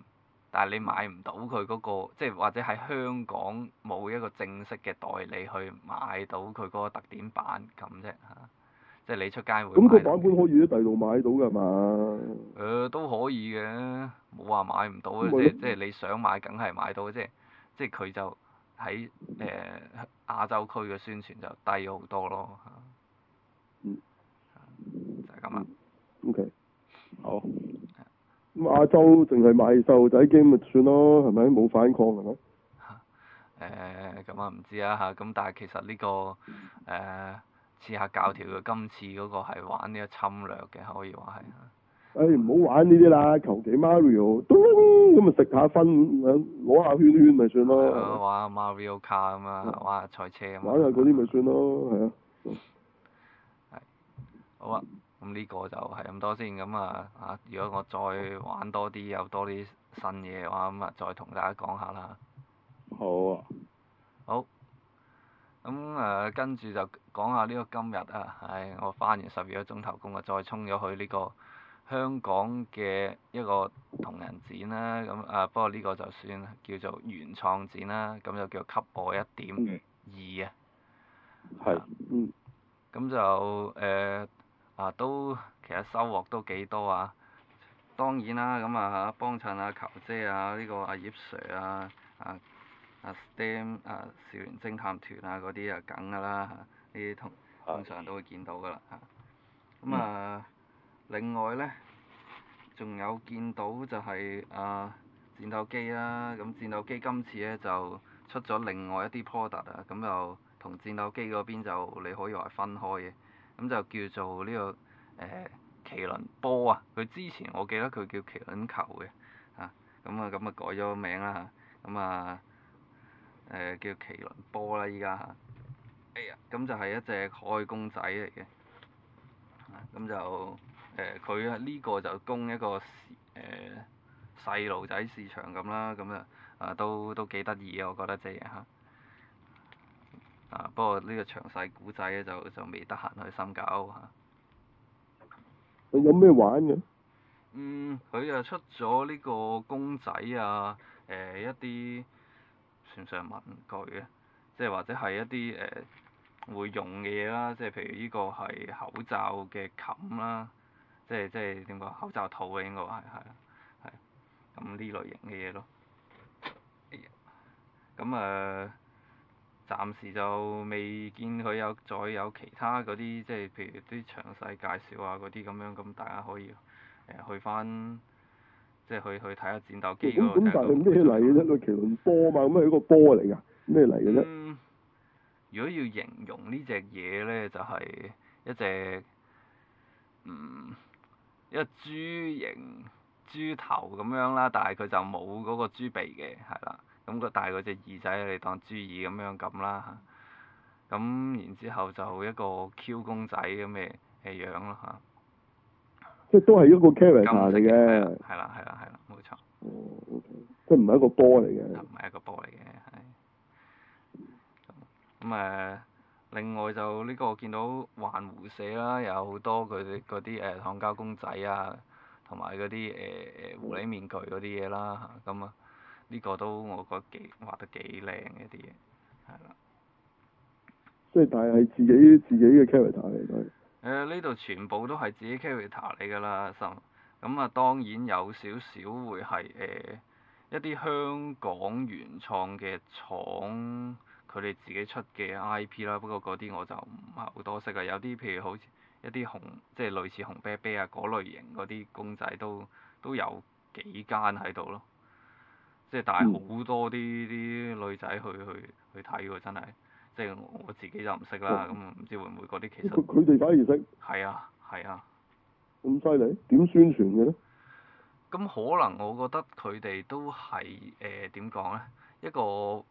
但係你買唔到佢嗰個，即係或者喺香港冇一個正式嘅代理去買到佢嗰個特典版咁啫嚇。即係你出街會咁佢版本可以喺第度買到㗎係嘛？誒、呃、都可以嘅，冇話買唔到嘅，即係即係你想買梗係買到嘅，即係即係佢就喺誒、呃、亞洲區嘅宣傳就低好多咯。嗯。就係咁啊。O K。好。咁、嗯嗯、亞洲淨係買細路仔 game 咪算咯，係咪？冇反抗係咪？誒咁、呃、啊唔知啊嚇，咁但係其實呢、呢個誒。呃試下教條嘅今次嗰個係玩呢個侵略嘅，可以話係。誒唔好玩呢啲啦，求其 Mario，咚咁咪食下分，攞下圈圈咪算咯。的玩 Mario 卡咁啊，玩下賽車咁玩下嗰啲咪算咯，係啊。係。好啊，咁呢個就係咁多先，咁啊啊！如果我再玩多啲，有多啲新嘢嘅話，咁啊再同大家講下啦。好啊。好。好。咁誒、嗯啊、跟住就講下呢個今日啊，唉、哎、我翻完十二個鐘頭工啊，再衝咗去呢個香港嘅一個同人展啦，咁啊，啊不過呢個就算叫做原創展啦，咁、啊、就叫給我一點二啊。係 Okay.、啊。嗯。咁就誒啊都其實收穫都幾多啊！當然啦、啊，咁啊幫襯啊球姐啊呢、這個阿、啊、葉 Sir 啊啊～啊，STEM 啊，St em, uh, 少年偵探團啊，嗰啲啊梗噶啦，呢啲通常都會見到噶啦嚇。咁啊，嗯嗯、另外咧，仲有見到就係、是、啊戰鬥機啦，咁、啊、戰鬥機今次咧就出咗另外一啲 product 啊，咁就同戰鬥機嗰邊就你可以話係分開嘅，咁、啊嗯、就叫做呢、這個誒麒麟波啊，佢之前我記得佢叫麒麟球嘅，啊，咁啊咁啊改咗名啦嚇，咁啊～、嗯啊嗯啊嗯誒、呃、叫麒麟波啦，依家嚇。哎呀，咁就係一隻可愛公仔嚟嘅。咁、啊、就誒佢啊呢個就供一個誒細路仔市場咁啦，咁啊啊都都幾得意嘅，我覺得啫嚇。啊！不過呢個詳細古仔咧，就就未得閒去深究嚇。佢有咩玩嘅？嗯，佢啊出咗呢個公仔啊，誒、呃、一啲。算上文具咧，即係或者係一啲誒、呃、會用嘅嘢啦，即係譬如呢個係口罩嘅冚啦，即係即係點講？口罩套嘅應該係係啦，係咁呢類型嘅嘢咯。咁、哎、啊、呃，暫時就未見佢有再有其他嗰啲，即係譬如啲詳細介紹啊嗰啲咁樣，咁大家可以誒、呃、去翻。即係去去睇下戰鬥機嗰個，咩嚟嘅咧？個麒麟波嘛，咁係一個波嚟㗎。咩嚟㗎咧？如果要形容隻呢隻嘢咧，就係、係、一隻嗯一豬形、豬頭咁樣啦，但係佢就冇嗰個豬鼻嘅，係啦。咁佢戴嗰隻耳仔嚟當豬耳咁樣咁啦。咁然之後就一個 Q 公仔咁嘅嘅樣咯嚇。即都係一個 character 嚟嘅，係啦係啦係啦，冇錯。哦，okay，即唔係一個波嚟嘅，唔係一個波嚟嘅，係。咁誒、呃，另外就呢個我見到環湖社啦，有好多佢哋嗰啲誒糖膠公仔啊，同埋嗰啲誒誒狐狸面具嗰啲嘢啦，咁啊、嗯，呢個都我覺得幾畫得幾靚嘅啲嘢，係啦。即係但係自己自己嘅 character 嚟嘅。誒呢度全部都係自己 character 嚟㗎啦，就咁啊，當然有少少會係誒、呃、一啲香港原創嘅廠佢哋自己出嘅 IP 啦，不過嗰啲我就唔係好多識啊，有啲譬如好似一啲紅即係類似紅啤啤啊嗰類型嗰啲公仔都都有幾間喺度咯，即係帶好多啲啲女仔去去去睇喎，真係～即係我自己就唔識啦，咁唔、嗯、知會唔會嗰啲其實佢哋反而識，係啊係啊，咁犀利點宣傳嘅咧？咁可能我覺得佢哋都係誒點講咧，一個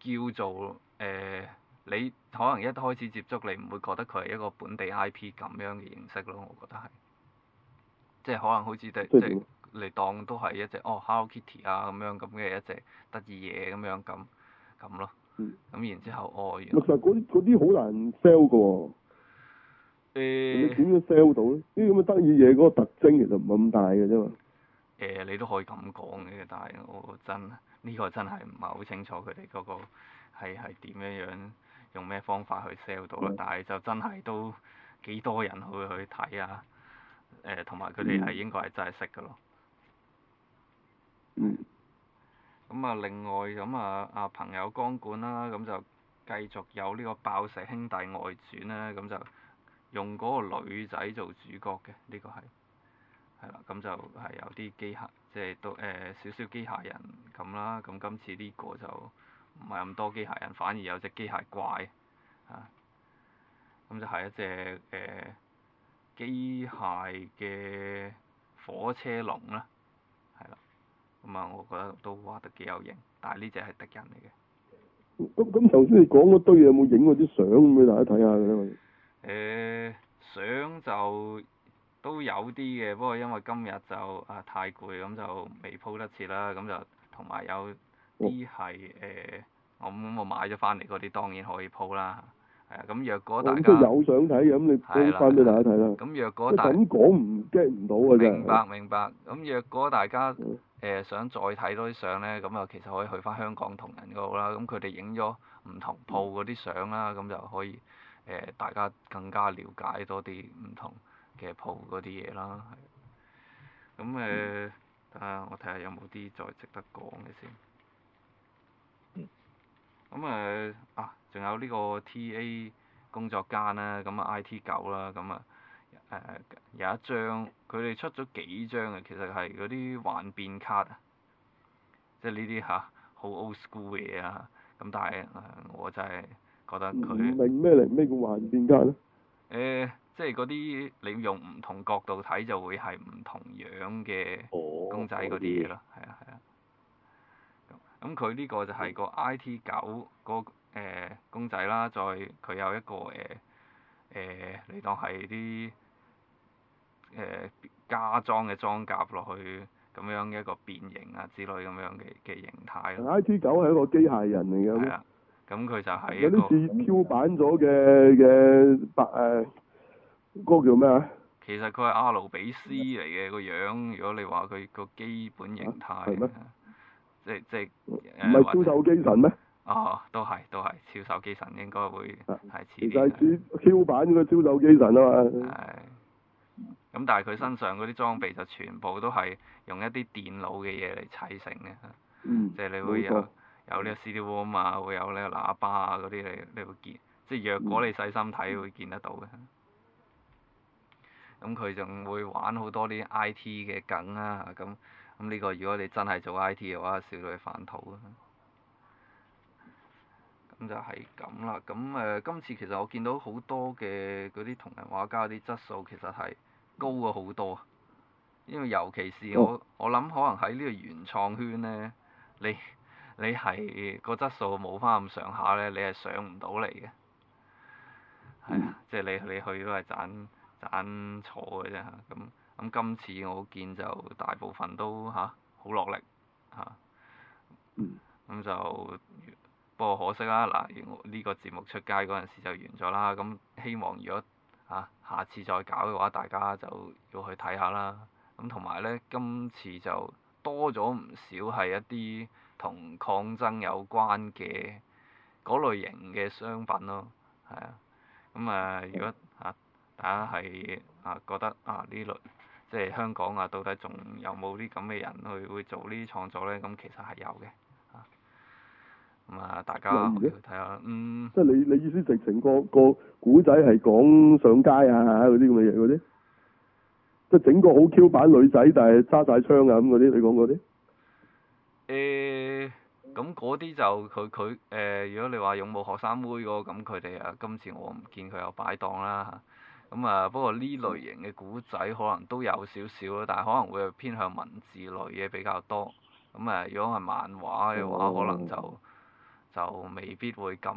叫做誒、呃、你可能一開始接觸你唔會覺得佢係一個本地 IP 咁樣嘅形式咯，我覺得係，即係可能好似第即係你當都係一隻哦 Hello Kitty 啊咁樣咁嘅一隻得意嘢咁樣咁咁咯。咁然之後愛、哦呃、其實嗰啲啲好難 sell 㗎喎。誒。點樣 sell 到呢啲咁嘅得意嘢嗰個特徵其實唔係咁大嘅啫嘛。誒，你都可以咁講嘅，但係我真呢、呢個真係唔係好清楚佢哋嗰個係係點樣樣用咩方法去 sell 到咯？的但係就真係都幾多人去去睇啊。誒、呃，同埋佢哋係應該係真係識㗎咯。嗯。咁啊，另外咁啊，啊朋友光管啦，咁、啊、就繼續有呢個爆石兄弟外傳啦。咁、啊、就用嗰個女仔做主角嘅，呢、呢個係係啦，咁、啊、就係有啲機械，即係都誒少少機械人咁啦。咁、啊、今次呢個就唔係咁多機械人，反而有隻機械怪啊。咁就係一隻誒、啊、機械嘅火車龍啦。啊咁啊，我覺得都畫得幾有型，但係呢隻係敵人嚟嘅。咁咁頭先你講嗰堆嘢有冇影過啲相咁樣俾大家睇下㗎咧？誒、呃，相就都有啲嘅，不過因為今日就啊太攰，咁、嗯、就未鋪得切啦。咁、嗯、就同埋有啲係誒，我咁我買咗翻嚟嗰啲當然可以鋪啦。係、嗯、啊，咁若果大家有相睇嘅，咁你鋪返俾大家睇啦。咁若果大咁講唔激唔到啊！明白明白，咁若果大家。誒、呃、想再睇多啲相咧，咁、嗯、啊其實可以去翻香港同人嗰度啦，咁佢哋影咗唔同鋪嗰啲相啦，咁、嗯、就可以誒、呃、大家更加了解多啲唔同嘅鋪嗰啲嘢啦。咁誒啊，嗯呃、我睇下有冇啲再值得講嘅先。咁、嗯、誒、嗯、啊，仲有呢個 T A 工作間啦，咁啊 I T 九啦，咁啊、嗯。嗯誒、呃、有一張，佢哋出咗幾張嘅，其實係嗰啲幻變卡啊，即係呢啲嚇好 old school 嘅嘢啊，咁但係我就係覺得佢唔明咩嚟咩叫幻變卡咯。誒、呃，即係嗰啲你用唔同角度睇就會係唔同樣嘅公仔嗰啲嘢咯，係啊係啊。咁佢呢個就係個 I.T. 九嗰、那個呃、公仔啦，再佢有一個誒誒、呃呃，你當係啲。誒，加裝嘅裝甲落去，咁樣嘅一個變形啊之類咁樣嘅嘅形態。I G 九係一個機械人嚟嘅。係啦、啊。咁佢就係有啲似 Q 版咗嘅嘅白誒，啊嗰個叫咩啊？其實佢係阿努比斯嚟嘅個樣，如果你話佢個基本形態。係咩？即即唔係超獸機神咩？哦、啊，都係都係超獸機神，應該會係似。就係似 Q 版嘅超獸機神啊嘛。係。咁但係佢身上嗰啲裝備就全部都係用一啲電腦嘅嘢嚟砌成嘅，嗯、即係你會有、嗯、有呢個 CD-ROM 啊，會有呢個喇叭啊嗰啲你你會見，即係若果你細心睇會見得到嘅。咁佢仲會玩好多啲 I T 嘅梗啊！咁咁呢個如果你真係做 I T 嘅話，笑到你反肚啊！咁就係咁啦。咁誒、呃，今次其實我見到好多嘅嗰啲同人畫家啲質素其實係。高過好多，因為尤其是我我諗可能喺呢個原創圈咧，你你係個質素冇返咁上下咧，你係上唔到嚟嘅。係啊，即係你你去都係盞盞坐嘅啫。咁咁今次我見就大部分都吓好落力吓咁、啊、就不過可惜啦，嗱，呢個節目出街嗰陣時就完咗啦。咁希望如果。啊，下次再搞嘅話，大家就要去睇下啦。咁同埋咧，今次就多咗唔少係一啲同抗爭有關嘅嗰類型嘅商品咯。係啊，咁、嗯、啊，如果啊，大家係啊覺得啊呢輪即係香港啊，到底仲有冇啲咁嘅人去會做呢啲創作咧？咁其實係有嘅。咁啊，大家睇下，嗯，即係你你意思直，直情個個古仔係講上街啊嗰啲咁嘅嘢嗰啲，即係整個好 Q 版女仔，但係揸曬槍啊咁嗰啲，你講嗰啲？誒、欸，咁嗰啲就佢佢誒，如果你話勇武學生妹嗰個，咁佢哋啊，今次我唔見佢有擺檔啦。咁啊，不過呢類型嘅古仔可能都有少少，但係可能會偏向文字類嘢比較多。咁啊，如果係漫畫嘅話，嗯、可能就～就未必會咁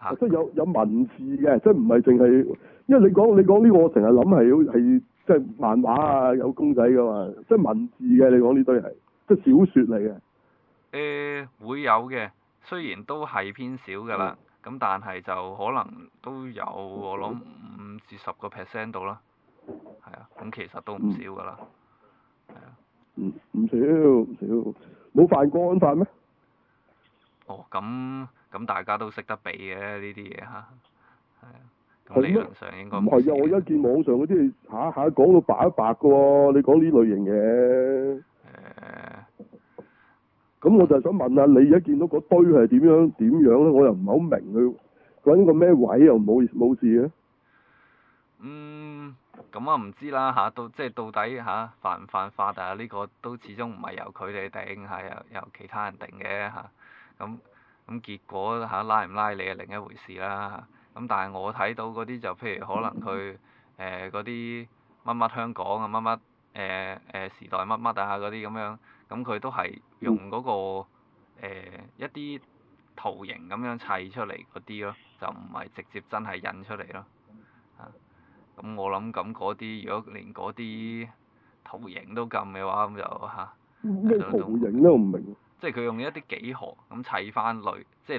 嚇，即係有有文字嘅，即係唔係淨係，因為你講你講呢個我，我成日諗係要係即係漫畫啊，有公仔㗎嘛，即係文字嘅。你講呢堆係即係小説嚟嘅。誒、欸、會有嘅，雖然都係偏少㗎啦，咁、嗯、但係就可能都有，我諗五至十個 percent 度啦。係啊，咁其實都唔少㗎啦。係啊。唔唔少唔少，冇犯過國安法咩？哦，咁咁大家都識得畀嘅呢啲嘢嚇，係啊，咁理論上應該唔係啊！我一見網上嗰啲下下講到白一白嘅喎，你講呢類型嘢？誒、呃，咁我就想問一下你而家見到嗰堆係點樣點樣咧？我又唔係好明佢揾個咩位又冇冇事嘅。嗯，咁啊唔知啦吓，到即係到底吓、啊，犯唔犯法啊？呢、呢個都始終唔係由佢哋定嚇，由由其他人定嘅嚇。啊咁咁、嗯、結果嚇、啊、拉唔拉你係另一回事啦，咁、啊、但係我睇到嗰啲就譬如可能佢誒嗰啲乜乜香港啊乜乜誒誒時代乜乜啊嗰啲咁樣，咁佢都係用嗰、嗰個、呃、一啲圖形咁樣砌出嚟嗰啲咯，就唔係直接真係印出嚟咯。咁、啊、我諗咁嗰啲，如果連嗰啲圖形都撳嘅話，咁就嚇。咩、啊、圖形都唔明。即係佢用一啲幾何咁砌翻類，即係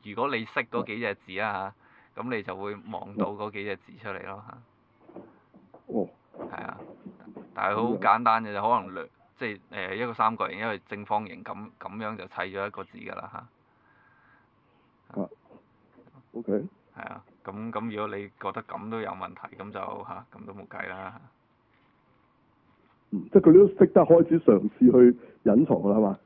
你如果你識嗰幾隻字啊嚇，咁你就會望到嗰幾隻字出嚟咯嚇。哦。係啊，但係好簡單嘅，就可能兩，即係誒一個三角形，一個正方形，咁咁樣，樣就砌咗一個字㗎啦。吓，O K。係啊，咁咁、啊 okay。如果你覺得咁都有問題，咁就嚇咁、啊、都冇計啦。即係佢都識得開始嘗試去隱藏啦嘛。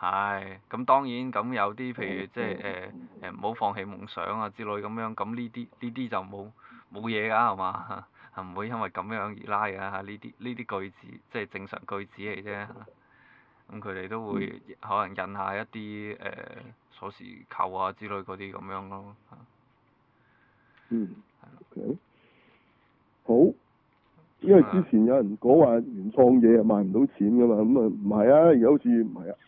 係，咁當然咁有啲譬如，即係誒誒唔好放棄夢想啊之類咁樣，咁呢啲呢啲就冇冇嘢㗎係嘛？係唔會因為咁樣而拉㗎嚇，呢啲呢啲句子即係正常句子嚟啫。咁佢哋都會可能印下一啲誒、呃、鎖匙扣啊之類嗰啲咁樣咯。嗯。好、okay. 係嘛？好。因為之前有人講話原創嘢賣唔到錢㗎嘛，咁啊唔係啊，而家好似唔係啊。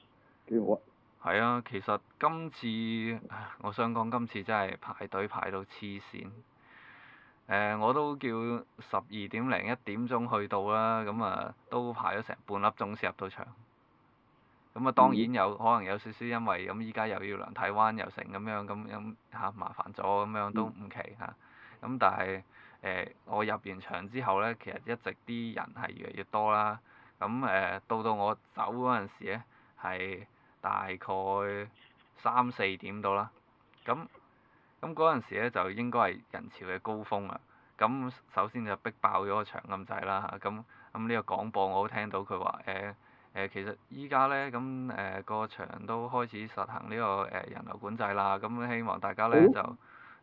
係啊，其實今次我想講今次真係排隊排到黐線。誒、呃，我都叫十二點零一點鐘去到啦，咁、嗯、啊都排咗成半粒鐘先入到場。咁、嗯、啊，當然有可能有少少因為咁，依家又要量體溫又成咁樣咁，咁嚇麻煩咗咁樣都唔奇嚇。咁、嗯嗯嗯、但係誒、呃，我入完場之後咧，其實一直啲人係越嚟越多啦。咁、嗯、誒，到到我走嗰陣時咧，係。大概三四點到啦，咁咁嗰陣時咧，就應該係人潮嘅高峰啦。咁首先就逼爆咗個場咁滯啦嚇，咁咁呢個廣播我都聽到佢話誒誒，其實依家咧，咁誒個場都開始實行呢個誒人流管制啦，咁希望大家咧就。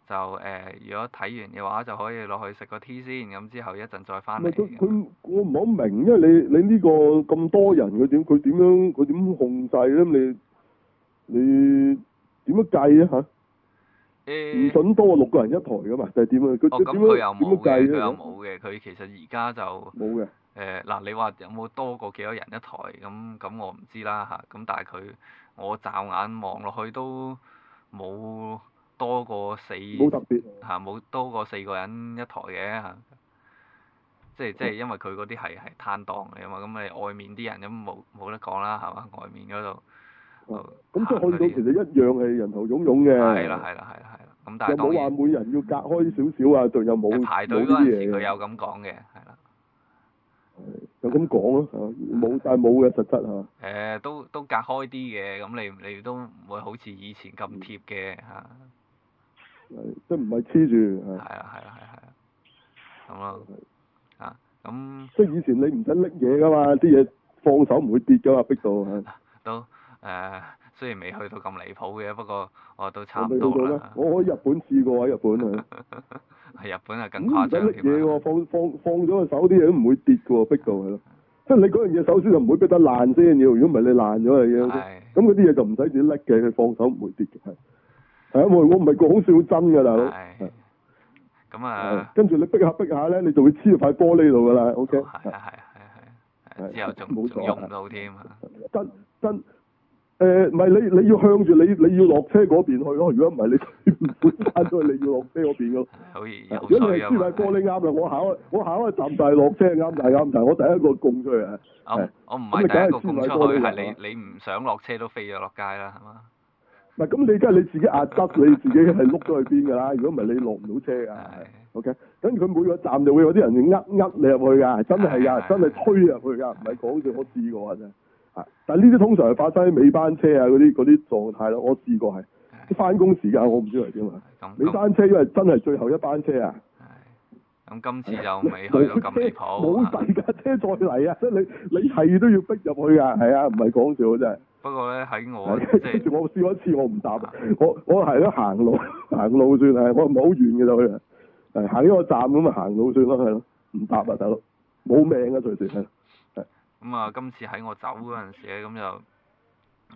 就誒、呃，如果睇完嘅話，就可以落去食個 tea 先，咁之後一陣再翻嚟。佢我唔係好明，因為你你呢個咁多人佢點，佢點樣佢點控制咧？你你點樣計咧嚇？誒唔、呃、準多六個人一台噶嘛？係、就、點、是、哦，咁佢又冇計佢又冇嘅，佢、嗯、其實而家就冇嘅。誒嗱、呃，你話有冇多過幾多人一台？咁咁我唔知啦嚇。咁、啊、但係佢我驟眼望落去都冇。多過四嚇，冇多過四個人一台嘅，即係即係因為佢嗰啲係係攤檔嚟啊嘛，咁、嗯、你外面啲人都冇冇得講啦，係嘛？外面嗰度。咁即係去到其實一樣係人頭涌涌嘅。係啦，係啦，係啦，係啦，咁但係當然。話每人要隔開少少啊？仲有冇排隊嗰陣時佢有咁講嘅，係啦。有咁講咯，冇晒冇嘅實質啊。誒、嗯，都都隔開啲嘅，咁你你都唔會好似以前咁貼嘅嚇。 即係唔係黐住，係。係啊係啊係啊。咁咯，啊，咁。即係、 嗯、以前你唔使拎嘢㗎嘛，啲嘢放手唔會跌㗎嘛，逼到都，誒、呃，雖然未去到咁離譜嘅，不過，我都差唔多，我喺日本試過，喺日本啊。係 日本啊，更誇張，唔使拎嘢喎，放放放咗個手啲嘢都唔會跌㗎喎，逼到係咯。即係你嗰樣嘢首先就唔會逼得爛先。要如果唔係你爛咗啊嘢。咁嗰啲嘢就唔使自己拎嘅，佢放手唔會跌嘅。我唔係我唔講笑真㗎，大佬。咁啊，跟住你逼下逼下咧，你就會黐喺塊玻璃度㗎啦。O、OK? K。係啊係啊係啊係。之後仲冇錯。到添。啊。真真誒，唔、呃、係你你要向住你你要落車嗰邊去咯。 去 如果唔係你會翻出去你要落車嗰邊咯。可以有水有。如果黐埋玻璃啱啦，我考我考啊站大落車啱大啱但大，大，我第一個供出去啊。我唔係的第一個供出去，係你你唔想落車都飛咗落街啦，係嘛？唔咁、啊、你，梗係你自己壓執，你自己係碌咗去邊㗎啦？如果唔係你落唔到車㗎。O K，跟住佢每個站就會有啲人呃呃你入去㗎，真係㗎， 真係推入去㗎，唔係講笑。我試過真係。啊！但係呢啲通常係發生喺尾班車啊嗰啲啲狀態咯。我試過係。翻工時間我唔知係點啊。尾班、 嗯、車因為真係最後一班車啊。咁、嗯嗯嗯、今次又。未去到咁冇第二架車再嚟、嗯、啊！你你係都要逼入去㗎，係啊，唔係講笑真係。 不過咧喺我，跟住 我試過一次，我唔搭 我，我我係咯行路行路算係，我唔係好遠嘅就係、是，誒行呢個站咁啊行路算啦，係咯，唔搭啊大佬，冇命啊隨時係，咁、嗯、啊，今次喺我走嗰陣時咧，咁就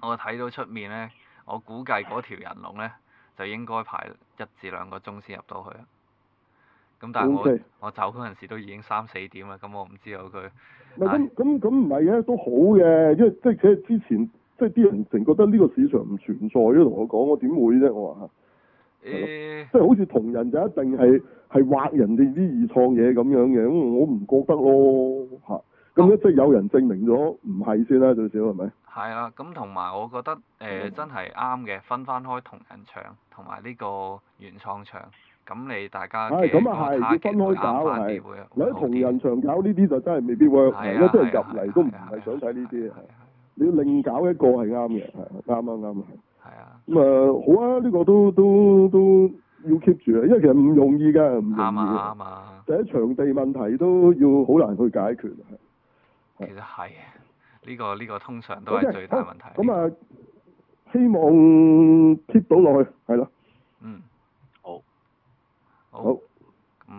我睇到出面咧，我估計嗰條人龍咧就應該排一至兩個鐘先入到去啦。咁但係我 我走嗰陣時都已經三四點啦，咁、嗯、我唔知道佢。咁咁咁唔係嘅都好嘅，因為即係之前。即係啲人成日覺得呢個市場唔存在咯，同我講，我點會啫？我話嚇，即係好似同人就一定係係挖人哋啲二創嘢咁樣嘅，我唔覺得咯嚇。咁一即係有人證明咗唔係先啦，最少係咪？係啊，咁同埋我覺得誒真係啱嘅，分翻開同人場同埋呢個原創場，咁你大家嘅個 topic 會啱翻，喺同人場搞呢啲就真係未必 work，因為入嚟都唔係想睇呢啲。你要另搞一個係啱嘅，係啱啊啱啊，係啊。咁啊，好啊，呢個都都都要 keep 住啊，因為其實唔容易噶，唔容易。啱啊，啱啊。就係場地問題都要好難去解決。其實係，呢個呢個通常都係最大問題。咁啊，啊，希望 keep 到落去，係咯。嗯。好。好。好。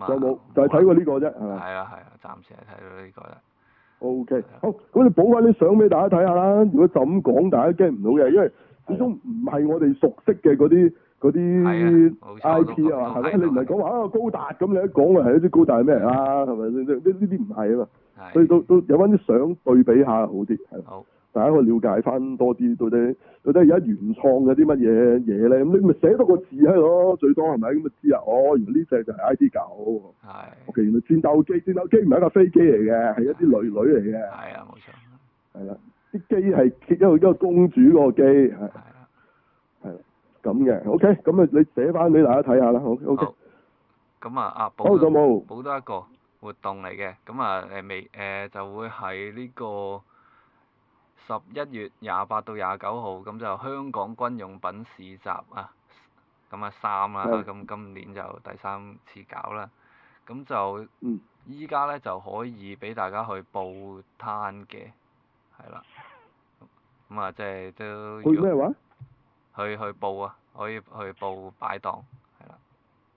有冇就睇過呢個啫，係咪？係啊係啊，暫時係睇到呢個啫。O、OK，好，咁你補翻啲相俾大家睇下啦。如果就咁講，大家驚唔到嘅，因為始終唔係我哋熟悉嘅嗰啲啲 I P 啊嘛。你唔係講話啊高達咁，你一講啊係一啲高達咩嚟啦？係咪？呢呢啲唔係啊嘛。所以都都的有翻啲相對比下好啲，係。大家去了解翻多啲到底，到底而家原創嘅啲乜嘢嘢咧？咁你咪寫多個字喺度咯，最多係咪咁咪知啊，哦，原來呢隻就係 I D 九。係的。O、okay, K，原來戰鬥機戰鬥機唔係一架飛機嚟嘅，係一啲女女嚟嘅。係啊，冇錯。係啦，啲機係結一個一個公主個機。係。係啦的。係啦，咁嘅 O K，咁啊，你寫翻俾大家睇下啦。好 O K。咁啊，阿寶。好就冇。補多一個活動嚟嘅，咁啊誒未誒、呃、就會喺呢、這個。十一月廿八到廿九號，咁就香港軍用品市集啊！咁啊，三啦，係啦，咁今年就第三次搞啦。咁就呢，依家咧就可以俾大家去報攤嘅，係啦。咁啊、就是，即係都。去咩話？去去報啊！可以去報擺檔，係啦。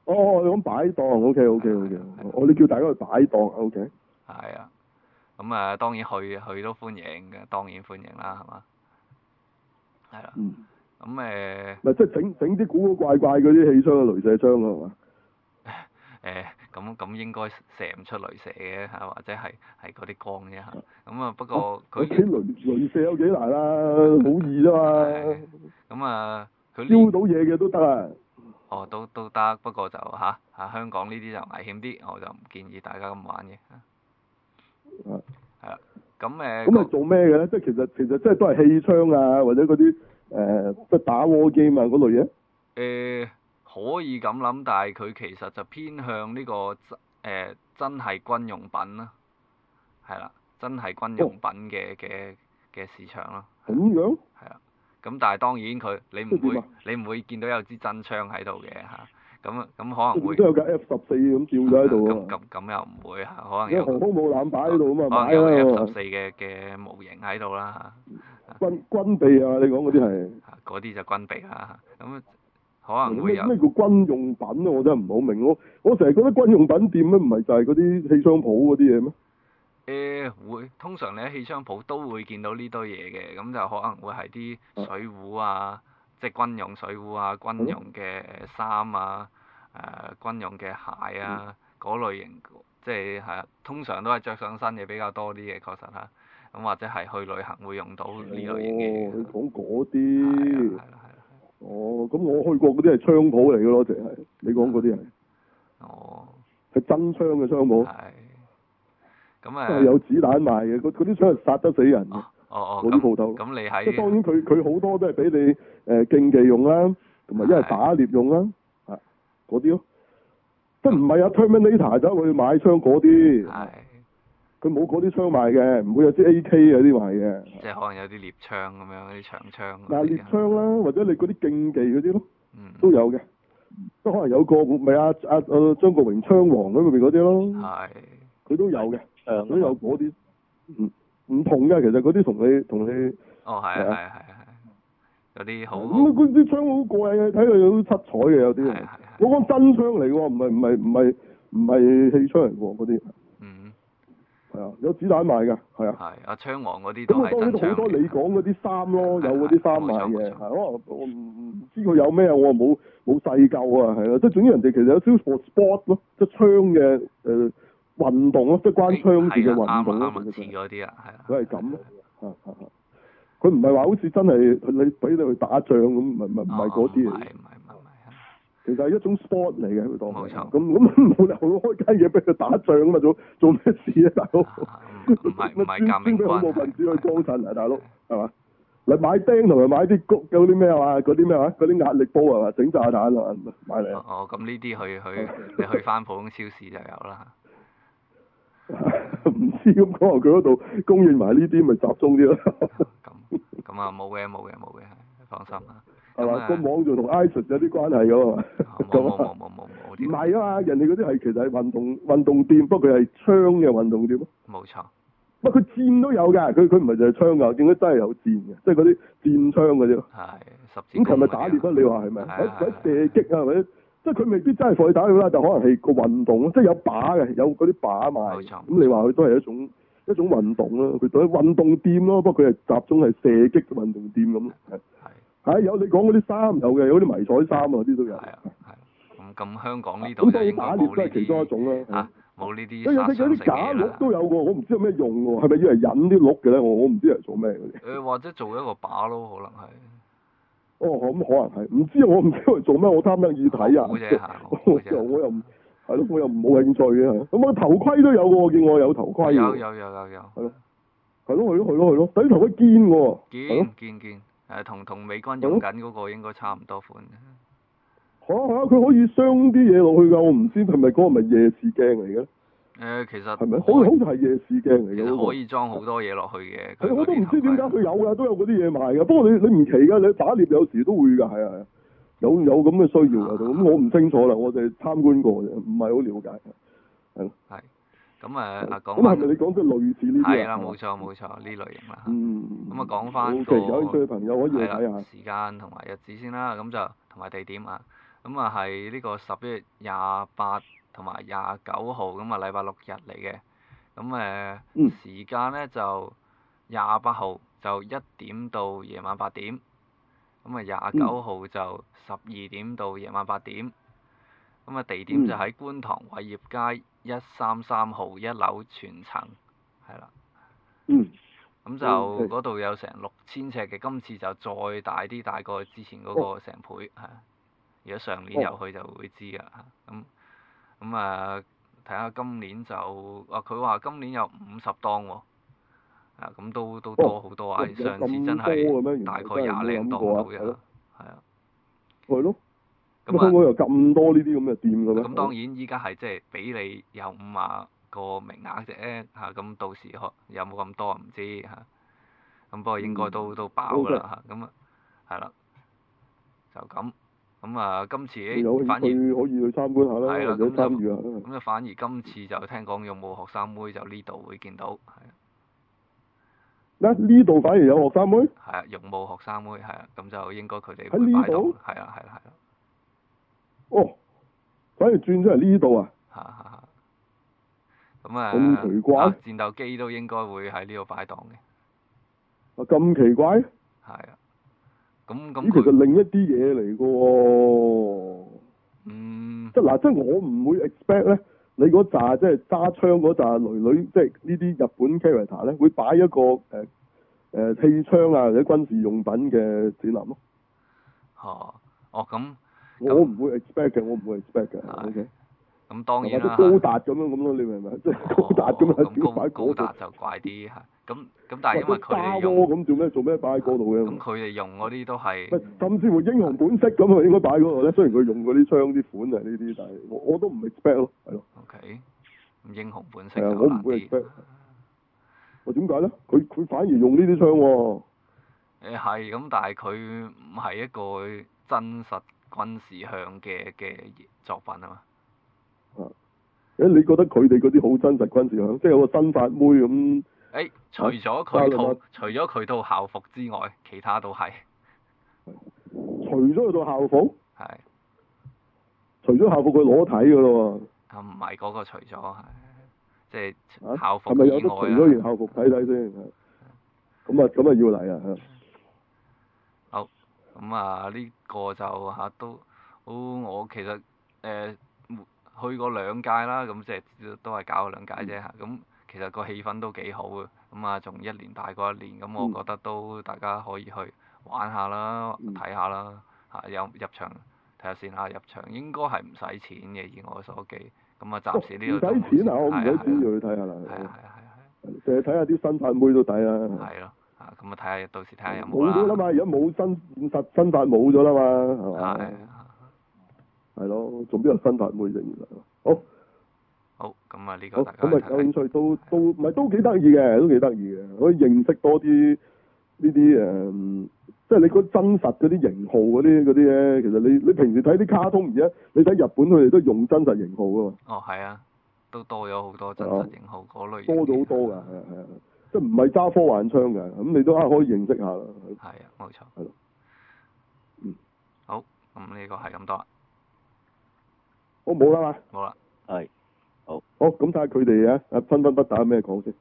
哦哦，咁擺檔 OK，OK，OK。我哋，哦，叫大家去擺檔，OK。係啊。咁啊，當然去，去都歡迎嘅，當然歡迎啦，係嘛？係啦。咁誒。咪、 呃、即係整整啲古古怪怪嗰啲氣槍、雷射槍咯，係嘛？誒、哎，咁咁應該射唔出雷射嘅，係或者係係嗰啲光啫。咁啊，不過佢啲傾雷射有幾難啦，好易啫嘛。係。咁啊，撩到嘢嘅都得啊。哦、嗯呃喔，都都得，不過就嚇嚇、啊、香港呢啲就危險啲，我就唔建議大家咁玩嘅。啊，係啦，咁誒，咁、嗯、啊、嗯嗯、做咩嘅咧？即係其實其實即係都係氣槍啊，或者嗰啲誒即係打 war game 啊嗰類嘢。誒、欸，可以咁諗，但係佢其實就偏向呢、這個誒、呃、真係軍用品啦，係、啊、啦，真係軍用品嘅嘅嘅市場咯。係咁樣？係啦，咁但係當然佢你唔會你唔會,會見到有支真槍喺度嘅吓。啊咁咁可能會。都有架 F 十四咁照咗喺度喎。咁咁、啊、又唔會，可能因架航空母艦擺喺度啊嘛，擺啦。架 F 十四嘅嘅模型喺度啦。軍軍備啊！你講嗰啲係。嗰啲就軍備啊，咁可能會有。咩叫軍用品啊？我真係唔好明。我我成日覺得軍用品店咧，唔係就係嗰啲汽槍鋪嗰啲嘢咩？誒、嗯，會通常你喺汽槍鋪都會見到呢堆嘢嘅，咁、嗯、就、啊、可能會係啲水壺啊。即係軍用水壺啊，軍用嘅衫啊，誒、呃、軍用嘅鞋啊，嗰、嗯、類型即係係通常都係着上身嘅比較多啲嘅，確實嚇。咁、啊、或者係去旅行會用到呢類型嘅。佢講嗰啲。係啦係啦。哦，咁、啊啊啊哦、我去過嗰啲係槍舖嚟嘅咯，即係你講嗰啲係。哦、啊。係真槍嘅槍舖。係。咁啊。啊有子彈賣嘅，嗰啲槍係殺得死人。啊。哦哦，嗰啲鋪頭，即係當然佢佢好多都係俾你誒競技用啦，同埋一係打獵用啦，啊嗰啲咯，即係唔係阿 Terminator 走去買槍嗰啲，係，佢冇嗰啲槍賣嘅，唔會有啲 A K 嗰啲賣嘅，即係可能有啲獵槍咁樣啲長槍，但獵槍啦，或者你嗰啲競技嗰啲咯，都有嘅，都可能有個咪係阿阿誒張國榮槍王嗰邊嗰啲咯，係，佢都有嘅，都有嗰啲，嗯。唔同噶，其實嗰啲同你同你哦，係啊係啊係啊係，有啲好咁啊！嗰啲槍好貴嘅，睇嚟有好七彩嘅有啲。係我講真槍嚟喎，唔係唔係唔係唔係氣槍嚟喎嗰啲。嗯。係啊，有子彈賣㗎，係啊。係啊，槍王嗰啲。咁我當年好多你講嗰啲衫咯，有嗰啲衫賣嘅。係我我唔唔知佢有咩，我冇冇細夠啊，係啊。即係總之人哋其實有少 sport 咯，即係槍嘅誒。運動咯，即係關槍事嘅運動啲啊，係佢係咁咯，啊佢唔係話好似真係你俾你去打仗咁，唔唔唔係嗰啲嚟，唔係唔係其實係一種 sport 嚟嘅，佢當冇錯，咁咁冇理由開間嘢俾佢打仗啊嘛，做做咩事啊，大佬？唔係唔係革命分子去幫襯啊，大佬，係嘛？你買釘同埋買啲谷，有啲咩話？嗰啲咩話？嗰啲壓力煲啊，整炸彈啊嘛，買嚟哦，咁呢啲去去，你去翻普通超市就有啦。唔 知咁講話佢嗰度供應埋呢啲，咪集中啲咯。咁 咁 啊，冇嘅，冇嘅，冇嘅，放心啊，係嘛、啊，個網就同 Iron 有啲關係㗎嘛？冇冇冇冇冇唔係啊嘛。 人哋嗰啲係其實係運動運動店，不過佢係槍嘅運動店咯。冇錯。不過佢箭都有㗎，佢佢唔係就係槍㗎，點解真係有箭嘅？即係嗰啲箭槍嗰啲咯。係、 嗯。咁係咪打獵啊？你話係咪？嗰射擊啊，係咪？即係佢未必真係放佢打佢啦，就可能係個運動咯，即係有靶嘅，有嗰啲靶賣。冇錯。咁你話佢都係一種一種運動咯，佢當運動店咯，不過佢係集中係射擊嘅運動店咁咯。係係係。有你講嗰啲衫有嘅，有啲迷彩衫啊，啲都有。係啊係。咁咁香港呢度？咁當然打獵都係其中一種啦。嚇！冇呢啲嘢？有啲嗰啲假鹿都有喎，我唔知有咩用喎，係咪以為引啲鹿嘅咧？我我唔知係做咩嘅。誒，或者做一個靶咯，可能係。哦，可、嗯、咁可能係，唔知我唔知佢做咩，我，我貪得意睇啊好好 我！我又我又唔係咯，我又唔冇興趣嘅，咁我、嗯、頭盔都有個，我見我有頭盔有。有有有有有。係咯係咯係咯係咯，啲頭盔堅喎。堅堅堅，誒同同美軍用緊嗰個應該差唔多款。嚇嚇、嗯，佢、啊啊、可以鑲啲嘢落去㗎，我唔知係咪嗰個咪夜視鏡嚟嘅。誒，其實係咪？好，好似係夜視鏡嚟嘅，可以裝好多嘢落去嘅。係，我都唔知點解佢有㗎，都有嗰啲嘢賣㗎。不過你你唔奇㗎，你打獵有時都會㗎，係啊係啊。有有咁嘅需要㗎，咁我唔清楚啦，我哋參觀過唔係好了解。係。咁誒，嗱，講翻。咁係咪你講嘅類似呢啲？係啦，冇錯冇錯，呢類型啦。嗯。咁啊，講翻有興趣朋友可以睇下。時間同埋日子先啦，咁就同埋地點啊。咁啊，係呢個十一月廿八。同埋廿九號咁啊，禮拜六日嚟嘅。咁誒、呃嗯、時間咧就廿八號就一點到夜晚八點。咁啊，廿九號就十二點到夜晚八點。咁啊、嗯，地點就喺觀塘偉業街一三三號一樓全層，係啦。嗯。咁就嗰度、嗯、有成六千尺嘅，今次就再大啲，大過之前嗰個成倍係。如果上年入去就會知㗎，咁、嗯。嗯咁啊，睇下今年就啊，佢話今年有五十檔喎。啊，咁都都多好多啊！嗯、so, 上次真係大概廿零檔到啦，係啊。係咯。咁香港又咁多呢啲咁嘅店嘅，咁當然依家係即係俾你有五啊個名額啫嚇，咁到時可有冇咁多唔知嚇。咁、嗯、不過應該都都飽啦嚇，咁啊 Okay.，係啦，就無咁言。咁啊，今次誒，反而可以去參觀下啦，有參與啊！咁就反而今次就聽講有冇學生妹就呢度會見到，係啊。咧呢度反而有學生妹。係啊，有冇學生妹係啊？咁就應該佢哋會擺檔喺呢度，係啊，係啦，係啦。哦，反而轉咗嚟呢度啊！係係係。咁啊，咁奇怪，戰鬥機都應該會喺呢度擺檔嘅。啊，咁奇怪。係啊。咁咁，其實另一啲嘢嚟嘅喎，嗯，即係嗱，即係我唔會 expect 咧，你嗰扎即係揸槍嗰扎女女，即係呢啲日本 character 咧，會擺一個誒誒、呃呃、氣槍啊或者軍事用品嘅展覽咯。嚇、啊！哦咁、哦，我唔會 expect 嘅，我唔會 expect 嘅。Okay? 咁當然啦，同高達咁樣咁咯，是你明唔明？即係、哦、高達咁樣，點高，高達就怪啲吓，咁咁但係因為佢哋而咁做咩做咩擺喺嗰度嘅？咁佢哋用嗰啲都係、嗯，甚至乎英雄本色咁啊，應該擺嗰度咧。雖然佢用嗰啲槍啲款係呢啲，但係我我都唔 expect 咯，係咯。O K，咁英雄本色咁難啲。我點解咧？佢佢反而用呢啲槍喎、啊。誒係，咁但係佢唔係一個真實軍事向嘅嘅作品啊嘛。啊！你覺得佢哋嗰啲好真實、真實響，即係有個新發妹咁。誒、欸，除咗佢套，啊、除咗佢套校服之外，其他都係。 除咗佢套校服？係。是 除咗校服、啊，佢裸體㗎喇喎。啊，唔係嗰個，除咗係，即係校服外。除咗件校服睇睇先？咁啊，咁啊，要嚟啊！好，咁啊，呢個就嚇都好，我其實誒。哦呃呃去過兩屆啦，咁即係都都係搞過兩屆啫。咁、嗯、其實個氣氛都幾好嘅，咁啊仲一年大過一年。咁我覺得都大家可以去玩下啦，睇下啦。嚇！有入場睇下先嚇，入場，看看看入場應該係唔使錢嘅，以我所記。咁啊，暫時呢度。唔使、哦、錢啊！我唔使錢就去睇下啦。係係係。成日睇下啲新法妹都抵啊！係咯。嚇！咁啊睇下，到時睇下有冇。冇咗啦嘛！而家冇新現實新法冇咗啦嘛，係係咯，仲邊有新發妹整完啦？好，好，咁啊，呢個大家咁啊，有興趣都都唔係都幾得意嘅，都幾得意嘅，可以認識多啲呢啲誒，即係你嗰真實嗰啲型號嗰啲嗰啲咧，其實你你平時睇啲卡通而，而家你睇日本佢哋都用真實型號噶嘛？哦，係啊，都多咗好多真實型號嗰了類型號多咗好多㗎，係係，即係唔係揸科幻槍㗎？咁你都啊可以認識下啦。係啊，冇錯，係咯了，嗯，好，咁呢個係咁多啦。我冇啦嘛，冇啦，係，好，好咁睇下佢哋啊，啊，分分不打咩講先。